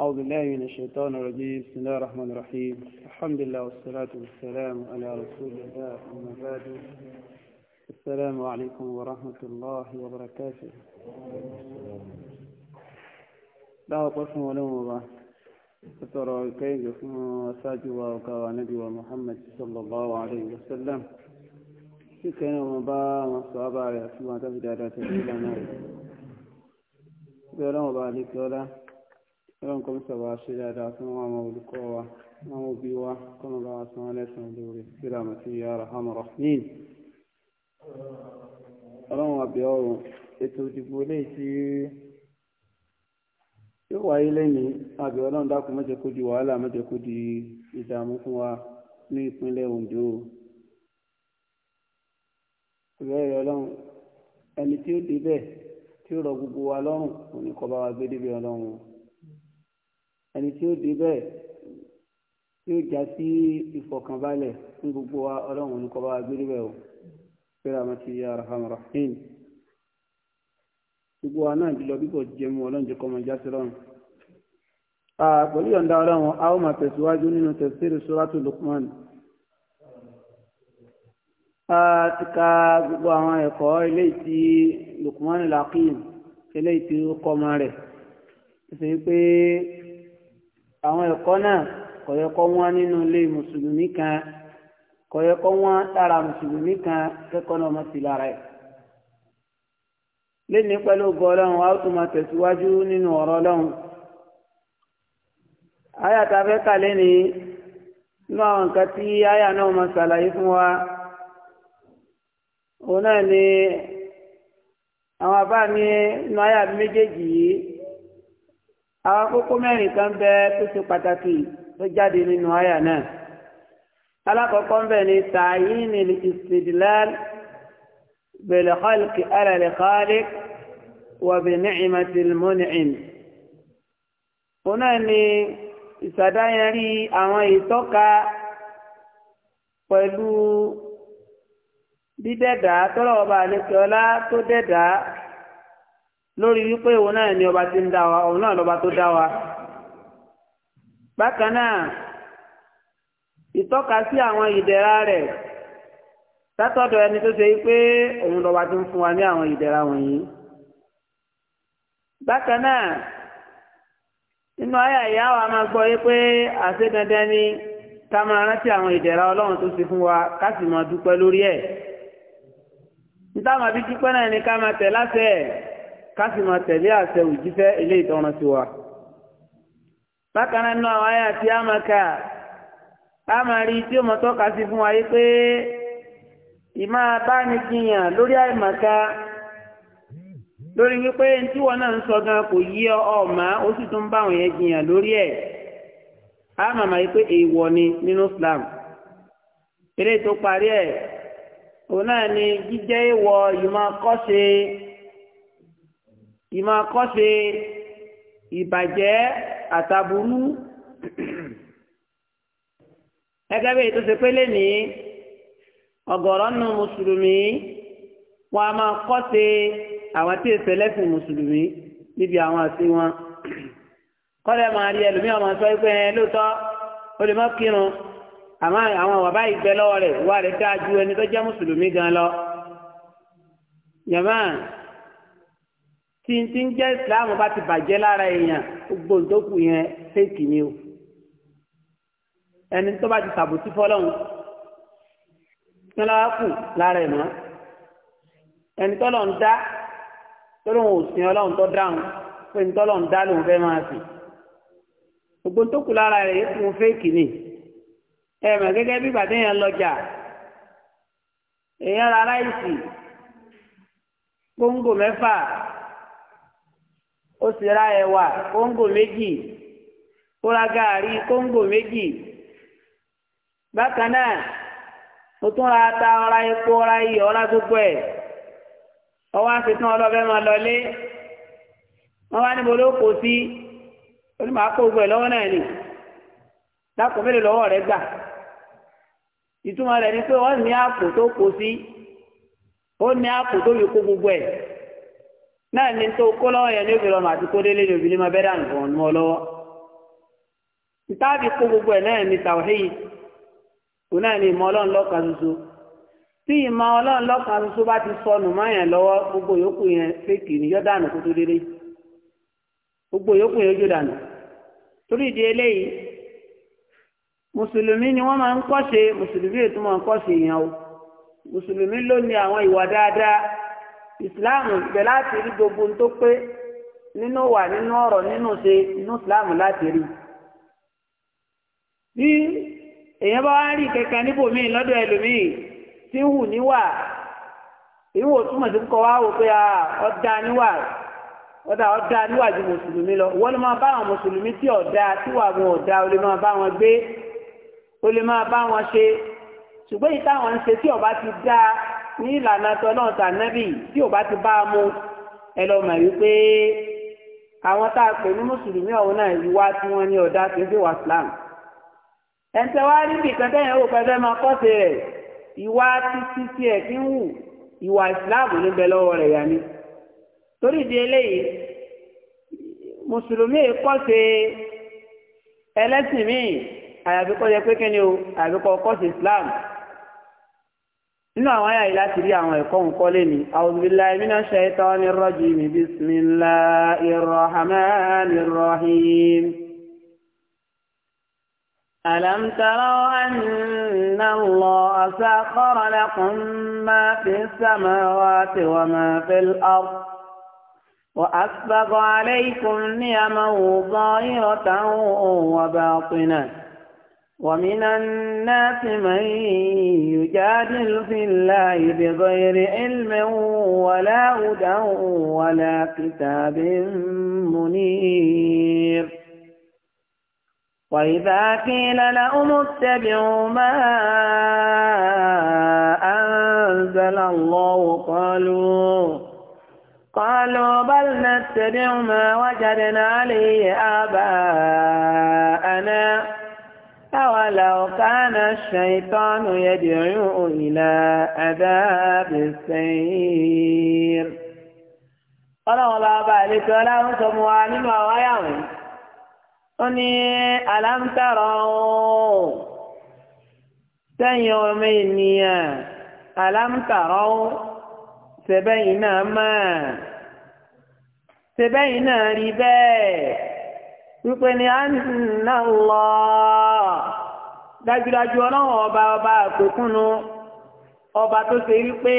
أعوذ بالله من الشيطان الرجيم بسم الله الرحمن الرحيم الحمد لله والصلاة والسلام على رسول الله أما بعد السلام عليكم ورحمة الله وبركاته لا قسم ولا مبا فترى كيف وكوى نبي ومحمد صلى الله عليه وسلم شكرا ومضى وصحابة على أسماء تفجارات الإلى نار بيولا مبا عليك ọlọ́run kọ́ mọ́sàbà ṣe dáadáa fún àwọn olùkọ́ wa àwọn òbí wa kọ́nà bá wa san alẹ́sàn lórí sílámù sí yàrá hamara níl ọlọ́run àbẹ̀ ọ̀run ètò ìdìbò léyìí tí yóò wáyé lẹ́yìn àbẹ̀ ọlọ́run dákun má jẹ́ kó di wàhálà má jẹ́ kó di ìdààmú fún wa ní ìpínlẹ̀ Ondo ìbẹ̀rẹ̀ ọlọ́run ẹni tí ó débẹ̀ tí ó rọ gbogbo wa lọ́rùn òní kọ́ bá wa gbé débẹ̀ ọlọ́run ẹni tí ó dé bẹ́ẹ̀ tí ó já sí ìfọ̀kànbalẹ̀ fún gbogbo wa ọlọ́run ní kọba agbélé bẹ́ẹ̀ o fẹ́rẹ̀ àmọ́ ti yára hàn rahim gbogbo wa náà jùlọ bíbọ̀ jẹmu ọlọ́run jẹ́ kọmọ ìjà sílọ́run pẹ̀lú yọ̀ǹda ọlọ́run a ó máa tẹ̀síwájú nínú tafsir suratu Luqman a ti ka gbogbo àwọn ẹ̀kọ́ eléyìí tí Luqman al eléyìí tí ó kọ́ ọmọ rẹ̀ ṣe pé àwọn ẹ̀kọ́ náà kò yẹ kó wọ́n nínú ilé mùsùlùmí kan kò yẹ kó wọ́n lára mùsùlùmí kan kẹ́kọ̀ọ́ náà mọ̀ sí lára ẹ̀. lẹ́ni pẹ̀lú ògo ọlọ́run a ó tún máa tẹ̀síwájú nínú ọ̀rọ̀ ọlọ́run. àyà tá a fẹ́ kà lẹ́ni inú àwọn nǹkan tí àyà náà máa ṣàlàyé fún wa òun náà ni àwọn àbá mi àyà méjèèjì yìí àwọn kókó mẹ́rin kan bẹ tó ṣe pàtàkì tó jáde nínú àyà náà alákọ̀ọ́kọ́ ń bẹ̀ ní tààyìn ní istidlal bil khalqi ala al khaliq wa bi òun náà ni ìsàdáyẹrí àwọn ìtọ́ka pẹ̀lú dídẹ̀dá tọ́lọ́wọ́ bá àlekè ọlá tó dẹ̀dá lórí wípé òun náà ni ọba tí ń dá wa òun náà lọba tó dá wa bákan náà ìtọ́ka sí àwọn ìdẹ̀ra rẹ̀ látọ̀dọ̀ ẹni tó ṣe pé òun lọba tó ń fún wa ní àwọn ìdẹ̀ra wọ̀nyí bákan náà nínú ayà ìyá wa máa gbọ́ yé àṣẹ dandan ni ká máa rántí àwọn ìdẹ̀ra ọlọ́run tó ṣe fún wa ká sì máa dúpẹ́ lórí ẹ̀ nítawọn àbí dúpẹ́ náà ni ká máa tẹ̀ láṣẹ káfí ma tẹ̀lé àṣẹ òjíṣẹ́ ilé ìtọ́run sí wa. bákan náà náà wáyà tí a máa rí tí ó mọ̀ tọ́ka sí fún wa pé ìmá bánigìyàn lórí àìmọ̀ká lórí wípé tí wọn náà ń sọ gan kò yí ọmọ ó sì tún bá àwọn yẹn jiyàn lórí ẹ̀ máa máa yí pé ni nínú Islam eré tó parí òun náà ni jíjẹ́ ìmọ̀ akọ́ṣe ìbàjẹ́ àtàbùrú gẹ́gẹ́ bí ètò ìsèpélé ní ọ̀gọ̀rọ̀ nù mùsùlùmí wọn a máa kọ́ṣe àwọn tí èsè lẹ́sìn mùsùlùmí níbi àwọn àti wọn kọ́lẹ̀ máa rí ẹlòmíràn máa sọ pé ẹ lóòótọ́ ó lè má kírun àwọn bàbá ìgbẹ́ lọ́wọ́ rẹ̀ wà rẹ̀ dáa ju ẹni tó jẹ́ mùsùlùmí gan lọ tí n ti ń jẹ́ ìsìláàmù bá ti bàjẹ́ lára èèyàn gbogbo ìdókù yẹn fèkì ni o ẹni tó bá ti sàbòtí fọlọ́hún kí ló wá kù lára ẹ̀ mọ́ ẹni tó lọ́n dá tó lóun ò sìn ọlọ́run tó dáhùn pé ní tó lọ́n dá lòun fẹ́ máa sìn gbogbo tó lára rẹ̀ yẹn fún fèkì ni ẹ gẹ́gẹ́ bí bàtẹ́ yẹn lọ́jà èèyàn ra ráìsì gbòǹgbò mẹ́fà ó sì ra ẹ̀wà kóńgò méjì ó ra gàárì kóńgò méjì bákan náà mo tún ra ata ọ̀ra epo ọ̀ra iyọ̀ ọ̀ra gbogbo ẹ̀ ọwọ́ àṣetán ọlọ́fẹ́ máa lọlé wọ́n wá níbo ló kó sí onímọ̀ àpò gbogbo ẹ̀ lọ́wọ́ náà nì dákọ̀ lọ́wọ́ rẹ̀ gbà ìtumọ̀ rẹ̀ ni pé wọ́n ní àpò tó kó sí ó ní àpò tó fi kó gbogbo ẹ̀. náà ní tó kó lọ́wọ́ yẹn ní obìnrin ọmọ àti ma délé ní ọnụ ọlọwọ bẹ́rẹ̀ àǹgàn gbogbo ẹ̀ náà ní tàwíì òun náà ma ọlọ ọlọ́run lọ́kan bá ti sọnù máyàn lọ́wọ́ gbogbo yòókù yẹn fèkì dịrị. gbogbo torí ìdí eléyìí mùsùlùmí ni wọ́n máa ń mùsùlùmí ètò máa ìsìláàmù ibẹ̀ láti rí gbogbo tó pé nínú wà nínú ọ̀rọ̀ nínú ṣe inú ìsìláàmù láti rí bí èèyàn bá wá rí kankan níbòmíì lọ́dọ̀ ẹlòmíì tí ń hù níwà ìwò túmọ̀ sí kọ́ wá wò pé ọ̀dà níwà ọ̀dà ọ̀dà níwà ju mùsùlùmí lọ wọ́n lè máa bá àwọn mùsùlùmí tí ọ̀dà tí wà wọn ọ̀dà ó lè máa bá wọn gbé ó lè máa bá wọn ṣe ṣùgbọ́n ìtàwọn ń ṣe tí ọba ti dáa ní ìlànà tọ́lọ́run tànẹ́bì tí ò bá ti bá a mú ẹ wípé àwọn tá a pè ní mùsùlùmí ọ̀hún náà ìwà tí wọ́n ní ọ̀dá kì í wà Islam ẹ̀ǹtẹ̀ wá rí bìkan tẹ́yìn ó pẹ́ fẹ́ máa kọ́sẹ̀ rẹ̀ ìwà títí tí ẹ̀ fi ń wù ìwà Islam níbẹ̀ lọ́wọ́ rẹ̀ yá ni torí ìdí eléyìí mùsùlùmí kọ́sẹ̀ ẹlẹ́sìn míì àyàfi kọ́ yẹ pé kí ni o àyàfi kọ́ kọ́sẹ̀ Islam nínú àwọn ayáyí láti rí àwọn ẹ̀kọ́ nǹkan lé ní auzubillahi minash shaitanir rajim bismillahir rahmanir rahim ألم تروا أن الله سخر لكم ما في السماوات وما في الأرض وأسبغ عليكم نعمه ظاهرة وباطنة ومن الناس من يجادل في الله بغير علم ولا هدى ولا كتاب منير وإذا قيل لهم اتبعوا ما أنزل الله قالوا قالوا بل نتبع ما وجدنا عليه آباءنا أولو كان الشيطان يدعو إلى عذاب السير ọlọ́run bá bá àlejò ọlọ́run tó mú wa nínú àwọn ayàwó ó ní aláǹtàrọ̀ sẹ́yìn ọmọ ènìyàn aláǹtàrọ̀ sẹ́bẹ̀yìn náà máa sẹ́bẹ̀yìn náà rí bẹ́ẹ̀. wípé ni anna Allah dájúdájú ọlọ́run ọba ọba àpèkúnnu ọba tó ṣe wípé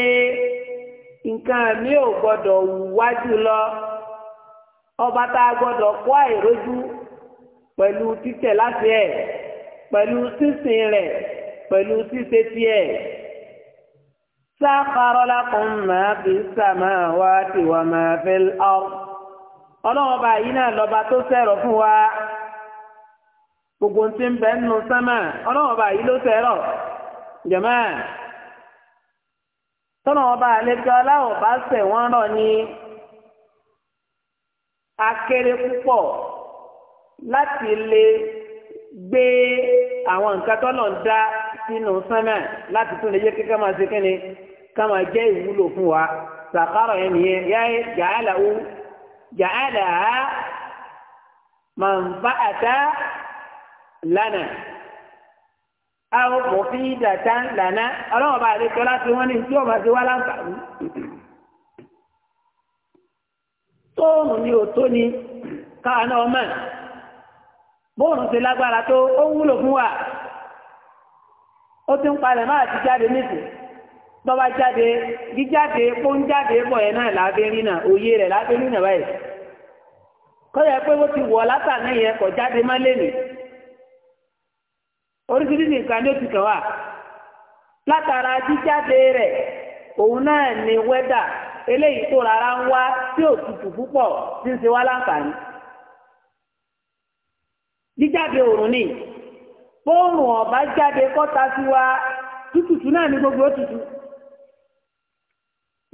nǹkan mi ò gbọdọ̀ wájú lọ ọba tá a gbọdọ̀ kó àìrójú pẹ̀lú títẹ̀ láti ẹ̀ pẹ̀lú sísìn rẹ̀ pẹ̀lú ṣíṣe tiẹ̀. sáfàrọ́lá kan máa fi máa ọlọ́run ọba yìí náà lọ́ba tó sẹ̀rọ̀ fún wa gbogbo ti ń bẹ nínú sánmà ọlọ́run ọba yìí ló sẹ̀rọ̀ jẹ̀mọ́ tọ́nà ọba àlejò aláwọ̀ wọ́n rọ̀ ní akéré púpọ̀ láti lè gbé àwọn nǹkan tọ́nà ń dá sínú sánmà láti tún yé máa ṣe ká máa jẹ́ ìwúlò fún wa sàkárọ̀ yẹn ja'alaha manfa'ata lana aw mufidatan lana ọlọ́wọ́n bá rí tọ́lá tí wọ́n ní tí ọba ti wá láǹfààní. tóònù ni ò tó ni káwa náà mọ̀ bóònù ti lágbára tó ó wúlò fún wa ó ti ń palẹ̀ máa ti jáde nísìnyí. tọ́ba jáde jíjáde pọ́njáde bọ̀ yẹn náà lábẹ́rí náà òye rẹ̀ lábẹ́rí náà báyìí kọ́yọ̀ pé ó ti wọ̀ látàná yẹn kọ̀ jáde má lé nì oríṣiríṣi nǹkan ló ti kàn wá òun náà ni wẹ́dà eléyìí tó rárá ń wá tí ò púpọ̀ tí ń ṣe wá láǹfààní jíjáde òrùn ni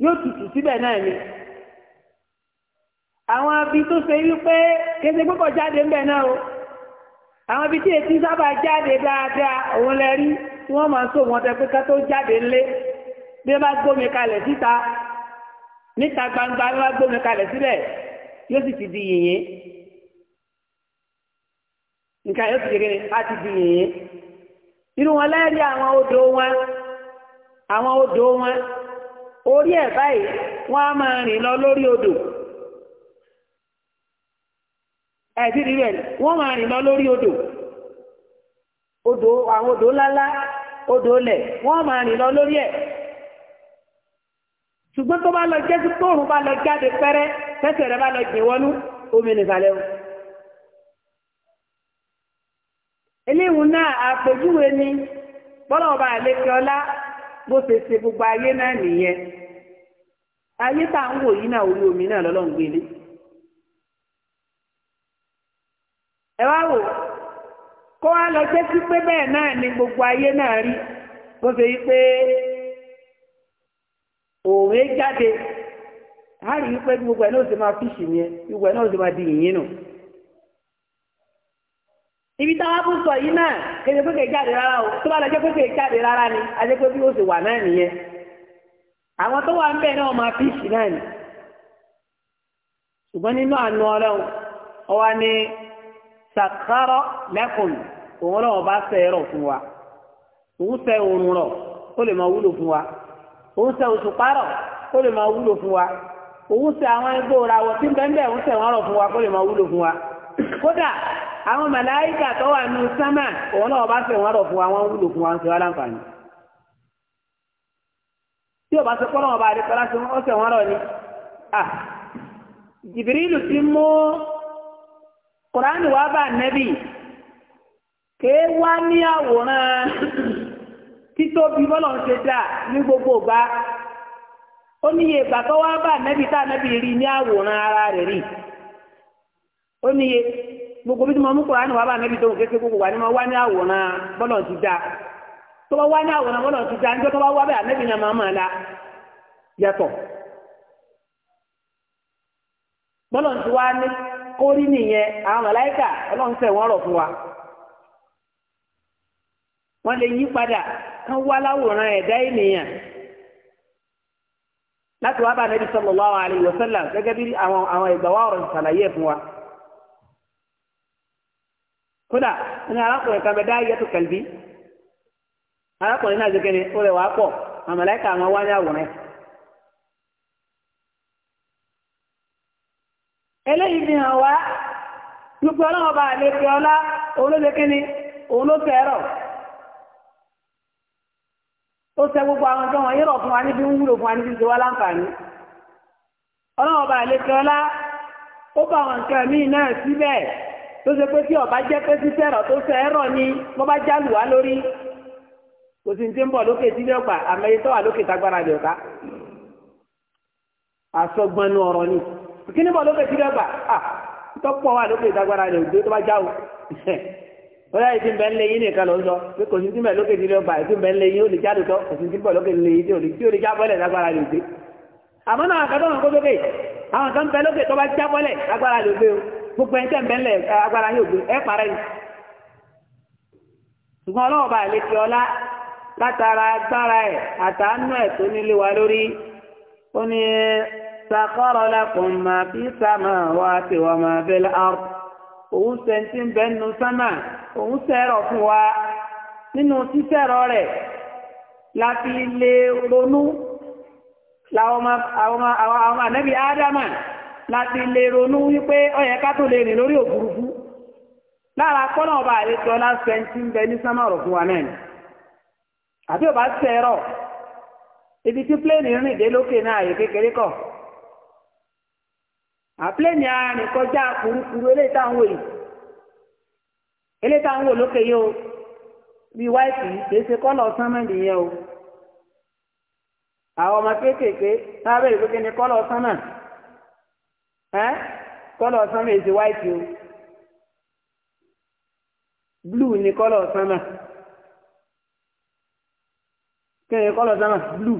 yóò tutù síbẹ̀ náà ni àwọn abi tó ṣe wípé kéde púpọ̀ jáde ń bẹ̀ náà o àwọn abi tí etí sábà jáde dáadáa òun lẹ rí tí wọ́n máa ń sọ wọn tẹ pé ká tó jáde ńlé bí wọ́n bá gbómi kalẹ̀ síta níta gbangba bí wọ́n bá gbómi kalẹ̀ sílẹ̀ yóò sì ti di yìnyín nǹkan yóò ti di kíni ti di yìnyín wọn lẹ́rìí àwọn odò orí ẹ̀ báyìí wọ́n á máa rìn lọ lórí odò ẹ̀sìn rí rẹ̀ wọ́n máa rìn lọ lórí odò odò àwọn odò lálá, odò lẹ̀ wọ́n máa rìn lọ lórí ẹ̀ ṣùgbọ́n tó bá lọ jẹ́ sí tóòrùn bá lọ jáde pẹ́rẹ́ tẹ́sẹ̀ o. eléwu náà àpèjúwe ni bọ́lá ọba àlekè ọlá bó ṣe ṣe gbogbo ayé náà nìyẹn ayé tá à ń wò yìí omi náà lọ́lọ́run gbélé ẹ wá wò kó wá lọ jẹ́ sí pé bẹ́ẹ̀ náà ni gbogbo ayé náà rí bó ṣe yí pé òwe jáde á rí i pé gbogbo ẹ̀ náà ó máa fíṣì yẹn gbogbo ẹ̀ máa di nù. ibi táwa tún sọ yìí náà kéde pé jáde rárá o tó bá lọ jẹ́ pé ni a jẹ́ pé bí ó sì wà náà nìyẹn àwọn tó wà ń bẹ̀ náà máa píìsì náà ni ṣùgbọ́n nínú àánú ọlọ́run ọwa ni sàkárọ̀ lẹ́kùn òun bá sẹ ẹ̀rọ fún wa òun sẹ oòrùn rọ̀ ó lè máa wúlò fún wa òun sẹ òṣùpá rọ̀ ó lè máa wúlò fún wa òun sẹ àwọn ẹgbẹ́ tí bẹ́ńbẹ́ kódà àwọn màláìkà tó wà ní sámà òun náà bá fẹ́ wọn rọ̀ fún wa wọn fún wa sọ tí o bá sọ pé ọlọ́wọ́ bá rí pẹ́lá sí ọ̀sẹ̀ wọn rọ̀ ni jìbìrìlù ti mú kùránì bá nẹ́bì wá ní àwòrán títóbi bọ́lọ̀ ara rẹ̀ ó níye gbogbo bí mo mú kúrò ánìwá bá nẹ́bí tó kéke gbogbo wà ní mo wá ní àwòrán bọ́lọ̀ ti da tó bá wá ní àwòrán bọ́lọ̀ ti da níjọ́ tó bá wá bẹ́ẹ̀ la yàtọ̀ bọ́lọ̀ ti wá ní kórí nìyẹn àwọn màláìkà ọlọ́run tẹ̀ wọ́n rọ̀ fún wa wọ́n lè yí padà kán wá láwòrán ẹ̀dá ènìyàn láti wá bá gẹ́gẹ́ bí àwọn ìgbà ọ̀rọ̀ kódà ní arákùnrin kan bẹ dá yẹtù kẹlbí arákùnrin náà zikini ó lè wá pọ àmàlẹ́kà àwọn wá ní àwòrán eléyìí fi hàn wá gbogbo ọlọ́wọ́ bá lè fi ọlá ó gbogbo àwọn wọn yẹrọ fún wa níbi ń wúlò fún wa níbi ń láǹfààní ọlọ́wọ́ bá lè fi ọlá ó bá náà síbẹ̀. tó ṣe pé tí ọba jẹ́ pé sí sẹ́rọ̀ tó sẹ́ ẹ̀rọ ni mo bá já lù wá lórí kò sì ń ti ń bọ̀ lókè tí yóò gbà àmẹ́yẹ tó wà lókè tágbára rẹ̀ ká àsọgbọnú ọ̀rọ̀ ni kí ni bọ̀ lókè tí yóò gbà à tọ́pọ̀ wà lókè tágbára rẹ̀ òjò tó bá já o bóyá ìdí mbẹ́ ńlẹ̀ yín nìkan ló ń sọ pé kò sí ti mbẹ́ lókè tí yóò gbà ìdí mbẹ́ ńlẹ̀ yín ó lè já lóòótọ́ kò sí ti bọ̀ lókè ńlẹ̀ yín tí ó lè já bọ́lẹ̀ tágbára rẹ̀ òjò òjò gbogbo ẹni tẹ́ ń bẹ́ńlẹ̀ agbára yóò gbé ẹ parẹ́ ni. ṣùgbọ́n ọlọ́wọ́ bá lè fi ọlá látara agbára ẹ̀ àtàánú ẹ̀ tó nílé wa lórí ó ní sakọ́rọ̀ lakum ma fi samawati wa ma fil ard òun sẹ́ńtì ń bẹ́ẹ̀ nu sámà òun sẹ́rọ̀ fún wa nínú sísẹ́rọ̀ rẹ̀ la fi lè ronú làwọn ọmọ àwọn ànábì ádámà. láti lè ronú wípé ó ká tó lè rìn lórí òfurufú lára kọ́nà ọba àlejò ń bẹ ní fún wa náà ni àbí ọba sẹ́rọ̀ ibi tí pléènì rìn dé lókè náà àyè kékeré kọ̀ àpléènì arìn kọjá eléyìí táwọn èyí eléyìí táwọn wò o bíi wáìtì kìí ṣe kọ́nà ọ̀sán mẹ́rin o àwọn ọmọ kéékèèké táwọn èyí kékeré kọ́nà ọ̀sán náà. ẹ́ kọ́lọ̀ sánmà èsì wáìtì o blu ni kọ́lọ̀ sánmà kí ni kọ́lọ̀ sánmà blu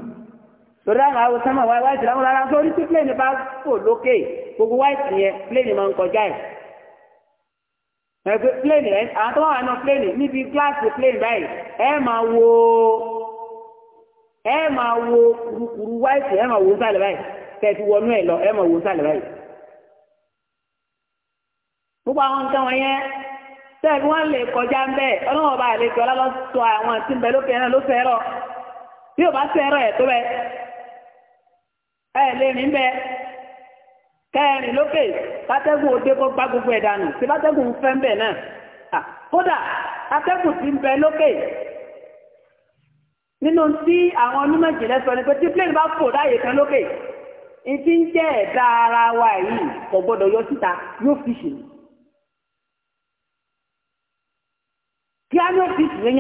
torí àwọn àwọn sánmà wáìtì láwọn rárá sórí tí plẹ̀ nípa fò lókè gbogbo wáìtì yẹn plẹ̀ ní máa ń kọjá ẹ̀ ẹgbẹ́ pléènì ẹ àwọn tó wà níbi gíláàsì pléènì báyìí ẹ máa wo ẹ máa wo kurukuru wáìtì ẹ máa wo sálẹ̀ báyìí kẹ̀tì wọnú ẹ lọ ẹ máa wo sálẹ̀ báyìí gbogbo àwọn nǹkan wọn yẹn sẹ́ẹ̀kì wọ́n lè kọjá ń bẹ́ẹ̀ ọlọ́wọ́ bá lè tọ́ lọ́wọ́ sọ àwọn tí ń bẹ lókè náà ló fẹ́rọ̀ bí ò bá fẹ́rọ̀ ẹ̀ tó bẹ ẹ̀ lè rìn bẹ́ẹ̀ kẹrin lókè bátẹ́gùn òde kó gbá gbogbo ẹ̀ dànù tí bátẹ́gùn fẹ́ ń bẹ̀ náà kódà atẹ́gùn ti ń bẹ lókè nínú tí àwọn onímọ̀ sọ ni pé tí plane bá fò láàyè kan lókè ìdí ń jẹ́ ẹ̀dá ara wa yìí kò gbọ́dọ̀ yọ síta yóò fi ṣèlú piano beat yẹn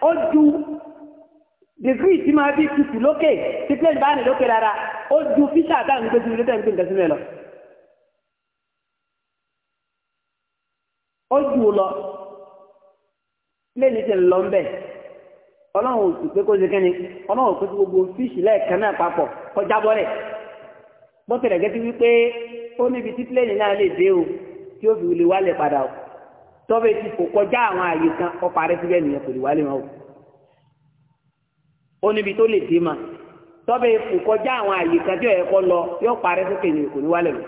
ó ju degree tí máa bí tutù lókè tí plane bá rìn lókè rárá ó ju fíṣà táwọn ń gbé sínú lókè ń gbé nǹkan sínú ẹ lọ. ó ju lọ pléènì ti ń lọ ńbẹ ọlọ́run ò sì pé kó ṣe kẹ́ni ọlọ́run ò pé gbogbo fíṣì lẹ́ẹ̀kan náà papọ̀ kọjá bọ́lẹ̀ bó tẹ̀lẹ̀ gẹ́tí wípé ó níbi tí pléènì náà lè dé o tí ó fi lè padà o tọ́bẹ̀ tí kò kọjá àwọn àyè kan ọkọ̀ àrẹ síbẹ̀ nìyẹn kò lè wálé wọn o ó níbi tó lè dé mà tọ́bẹ̀ kò kọjá àwọn àyè kan tí ò yẹ kọ́ lọ yóò parẹ́ sókè nìyẹn kò ní wálé wọn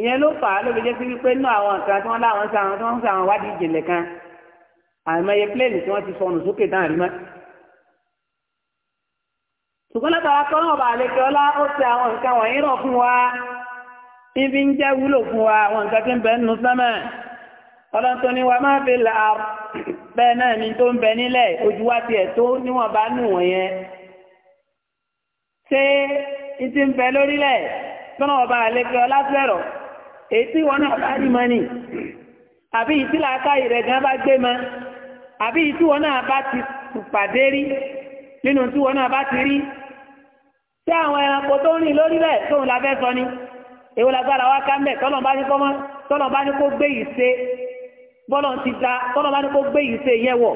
ìyẹn ló fà á ló jẹ́ sí wípé náà àwọn nǹkan tí wọ́n láwọn sàn tí wọ́n sàn wádìí ìjìnlẹ̀ kan àmọye pílẹ̀nì tí wọ́n ti sọnù sókè dáhùn rí mọ́ ṣùgbọ́n látara wa ibi ń jẹ́ wúlò fún wa àwọn nǹkan ọlọ́ntọ́ ni wà máa fi làár bẹ́ẹ̀ náà ni tó ń bẹ nílẹ̀ ojú wá tiẹ̀ tó níwọ̀n bá nù wọ̀n yẹn ṣé n ti ń bẹ lórílẹ̀ tọ́nà ọba àlejò ọlásẹ̀rọ̀ èyí wọn náà bá rí mọ́nì àbí ìtí làákà ìrẹ̀ gan bá gbé mọ́ àbí ìtí wọn náà bá ti pàdé rí nínú tí wọn náà bá ti rí ṣé àwọn ẹranko tó ń rìn lórílẹ̀ tóun la fẹ́ sọ ni èwo lágbára wá ká ń bẹ̀ tọ́nà bá ní kọ́ mọ́ tọ́nà bá ní kó gbé yìí ṣe bọ́lọ̀ ti da tọ́lọ̀ bá ní kó gbé ìṣe yẹn wọ̀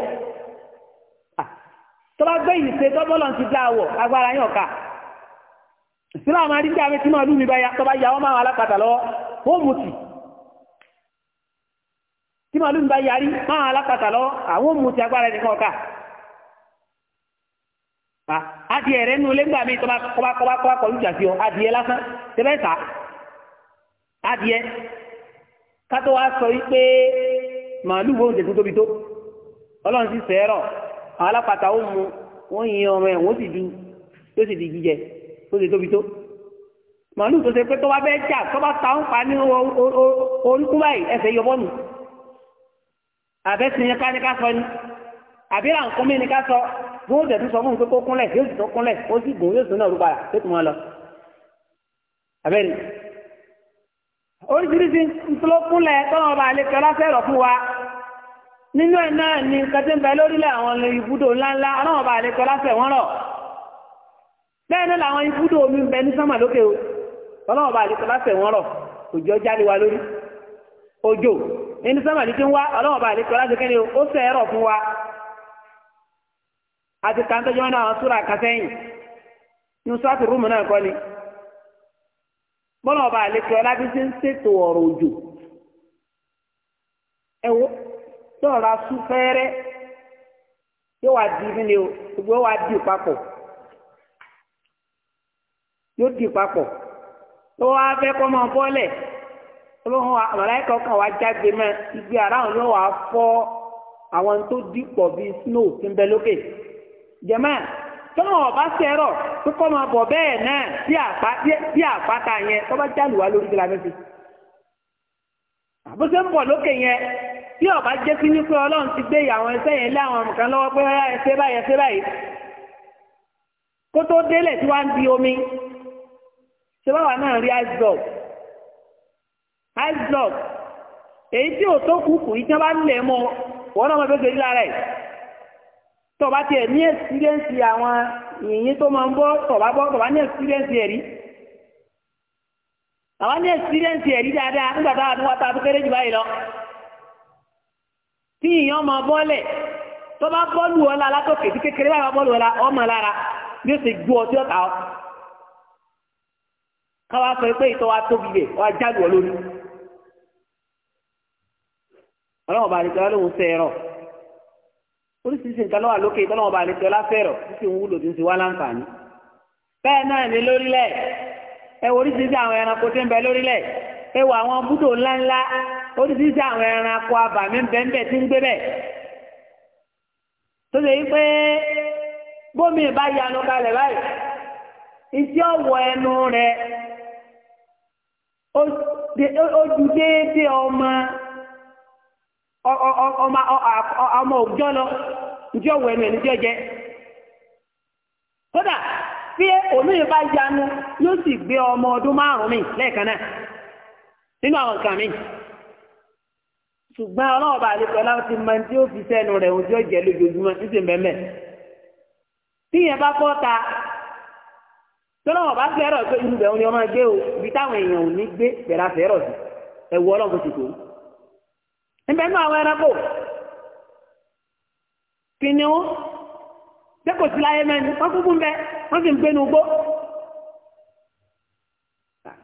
tó bá gbé ìṣe tó bọ́lọ̀ ti da wọ̀ agbára yẹn ọ̀ka ìṣúná àwọn adíjà mi tí náà lù mí bá ya tó bá ya wọ́n máa wà lápàtà lọ́wọ́ ó mú tì tí màálù ń bá yarí máa alápàtà lọ àwọn ohun ti agbára ẹnìkan ọ̀ka adìẹ rẹ nínú lẹ́gbàá mi tọ́ba kọ́ba kọ́ba kọ́ba kọ́ lùjà sí ọ adìẹ lásán tẹ́lẹ̀ sá adìẹ kátó wa sọ wípé màálù wọ́n tẹ̀sí tóbi tó ọlọ́run sì sẹ́rọ̀ àwọn alápàtà ó mu wọ́n yin ọmọ ẹ̀ wọ́n sì du tó sì di jíjẹ tó sì tóbi tó màálù tó ṣe pé tó bá bẹ́ jà tó bá ta ń pa ní orúkú báyìí ẹsẹ̀ yọ bọ́ọ̀nù àbẹ́sìn yẹn ká ní ká sọ ni àbí là ń kún mí ní ká sọ bí wọ́n tẹ̀sí sọ fún mi pé kó kúnlẹ̀ yóò sì tó kúnlẹ̀ ó sì gùn yóò sì náà rúpa tó tún wọn lọ àbẹ́ni oríṣiríṣi ntọ́lọ́kúnlẹ̀ tọ́lọ́mọba àlekẹ́ ọlá fẹ́ràn fún wa nínú ẹ̀ náà ni nǹkan tí ń bẹ lórílẹ̀ àwọn ibùdó ńláńlá aláwọ̀ bá àlẹ́kọ́ láfẹ̀ wọ́n rọ̀ bẹ́ẹ̀ náà làwọn ibùdó omi ń bẹ ní sánmà lókè o aláwọ̀ bá àlẹ́kọ́ láfẹ̀ wọ́n rọ̀ òjò jáde wa lórí òjò nínú sánmà ní kí ń wá aláwọ̀ bá àlẹ́kọ́ láti kẹ́ni o ó fẹ́ rọ̀ fún wa àti kàńtọ́jọ́ náà àwọn súra kàsẹ́yìn ní sọ́ọ̀tù rúùmù náà kọ́ ni bọ́lá ọba àlẹ́kọ́ láti ṣe ń ṣètò ọ̀rọ̀ tọ́ra sú fẹ́rẹ́ yóò wá di o gbogbo wa di papọ̀ yóò di papọ̀ tó wá fẹ́ kọ́ máa bọ́lẹ̀ olóhùn àmàláìkọ̀ kan wá jáde mọ́ ibi ara yóò wá fọ́ àwọn tó dìpọ̀ bíi snow ti ń bẹ lókè jẹ̀mọ́ ọba sẹ́rọ̀ tó kọ́ máa bọ̀ bẹ́ẹ̀ náà bí àpáta yẹn bá lórí tí ọba jẹ́ sí ní pé ọlọ́run ti gbé àwọn ẹsẹ̀ yẹn lé àwọn nǹkan lọ́wọ́ pé ọyá ẹsẹ̀ báyìí ẹsẹ̀ báyìí kó tó délẹ̀ tí wọ́n di omi ṣé báwa náà rí ice block ice block èyí tí ò tó kùkù yìí tí wọ́n bá ń lẹ̀ mọ́ wọ́n náà mọ̀ pé gbèdé lára ẹ̀ tó o bá tiẹ̀ ní ẹ̀sìrẹ́ǹsì àwọn yìnyín tó máa ń bọ́ tó o bá bọ́ tó o bá ní ẹ̀sìrẹ́ǹsì ẹ̀rí àwọn ní ẹ̀sìrẹ́ǹsì ẹ̀rí dáadáa nígbà táwọn àdúgbò àtàkùn kéré jù báyìí lọ tí ìyàn máa bọ́lẹ̀ tó bá bọ́ọ̀lù ọ̀la látòkè tí kékeré bá bá bọ́ọ̀lù ọ̀la ọmọ lára bí ó sì gbó ọtí ọ̀tá ọ. káwa sọ pé ìtọ́ wa tóbi lè wá jáde olórí. ọlọ́wọ́n bá lè tọ́lá lóhun sẹ́ ẹ̀rọ oríṣiríṣi nǹkan lọ́wọ́ lókè tọ́lọ́wọ́n bá lè tọ́lá fẹ́rọ̀ tí sì ń wúlò tí ń sì wá láǹfààní. bẹ́ẹ̀ náà ní lórílẹ̀ ẹ oríṣiríṣi àwọn ẹranko tí ń bẹ lórílẹ̀ ẹwà àwọn búdò ńláńlá oríṣiríṣi àwọn ẹranko abàmì bẹ́ẹ̀ tí ń gbé bẹ́ẹ̀ tó lè yí pé bómi ìbá yanu kalẹ̀ báyìí ìdí ọ̀wọ̀ ẹnu rẹ̀ ó ju ọmọ ọmọ òjọ́ lọ ìdí ọ̀wọ̀ ẹnu ẹni jẹ́ jẹ́ kódà bí omi ìbá yanu yóò sì gbé ọmọ ọdún márùn-ún mi lẹ́ẹ̀kan náà nínú àwọn nǹkan mi ṣùgbọ́n ọlọ́ọ̀bà àlekọ́lá ti mọ tí ó fi sẹ́nu rẹ̀ ohun tí ó jẹ́ lójoojúmọ́ ní ti mẹ́mẹ́ tíyẹn bá kọ́ ta tọ́lọ́wọ́ bá fẹ́rọ̀ pé irú bẹ̀rù ni ọmọ gbé o ibi táwọn èèyàn ò ní gbé bẹ̀rẹ̀ àfẹ́rọ̀ sí ẹ̀wù ọlọ́run ti tó níbẹ̀ náà àwọn ẹranko kìnìún dẹ́kọ̀ sí láyé mẹ́ni wọ́n kúkú ń bẹ wọ́n sì ń gbénu gbó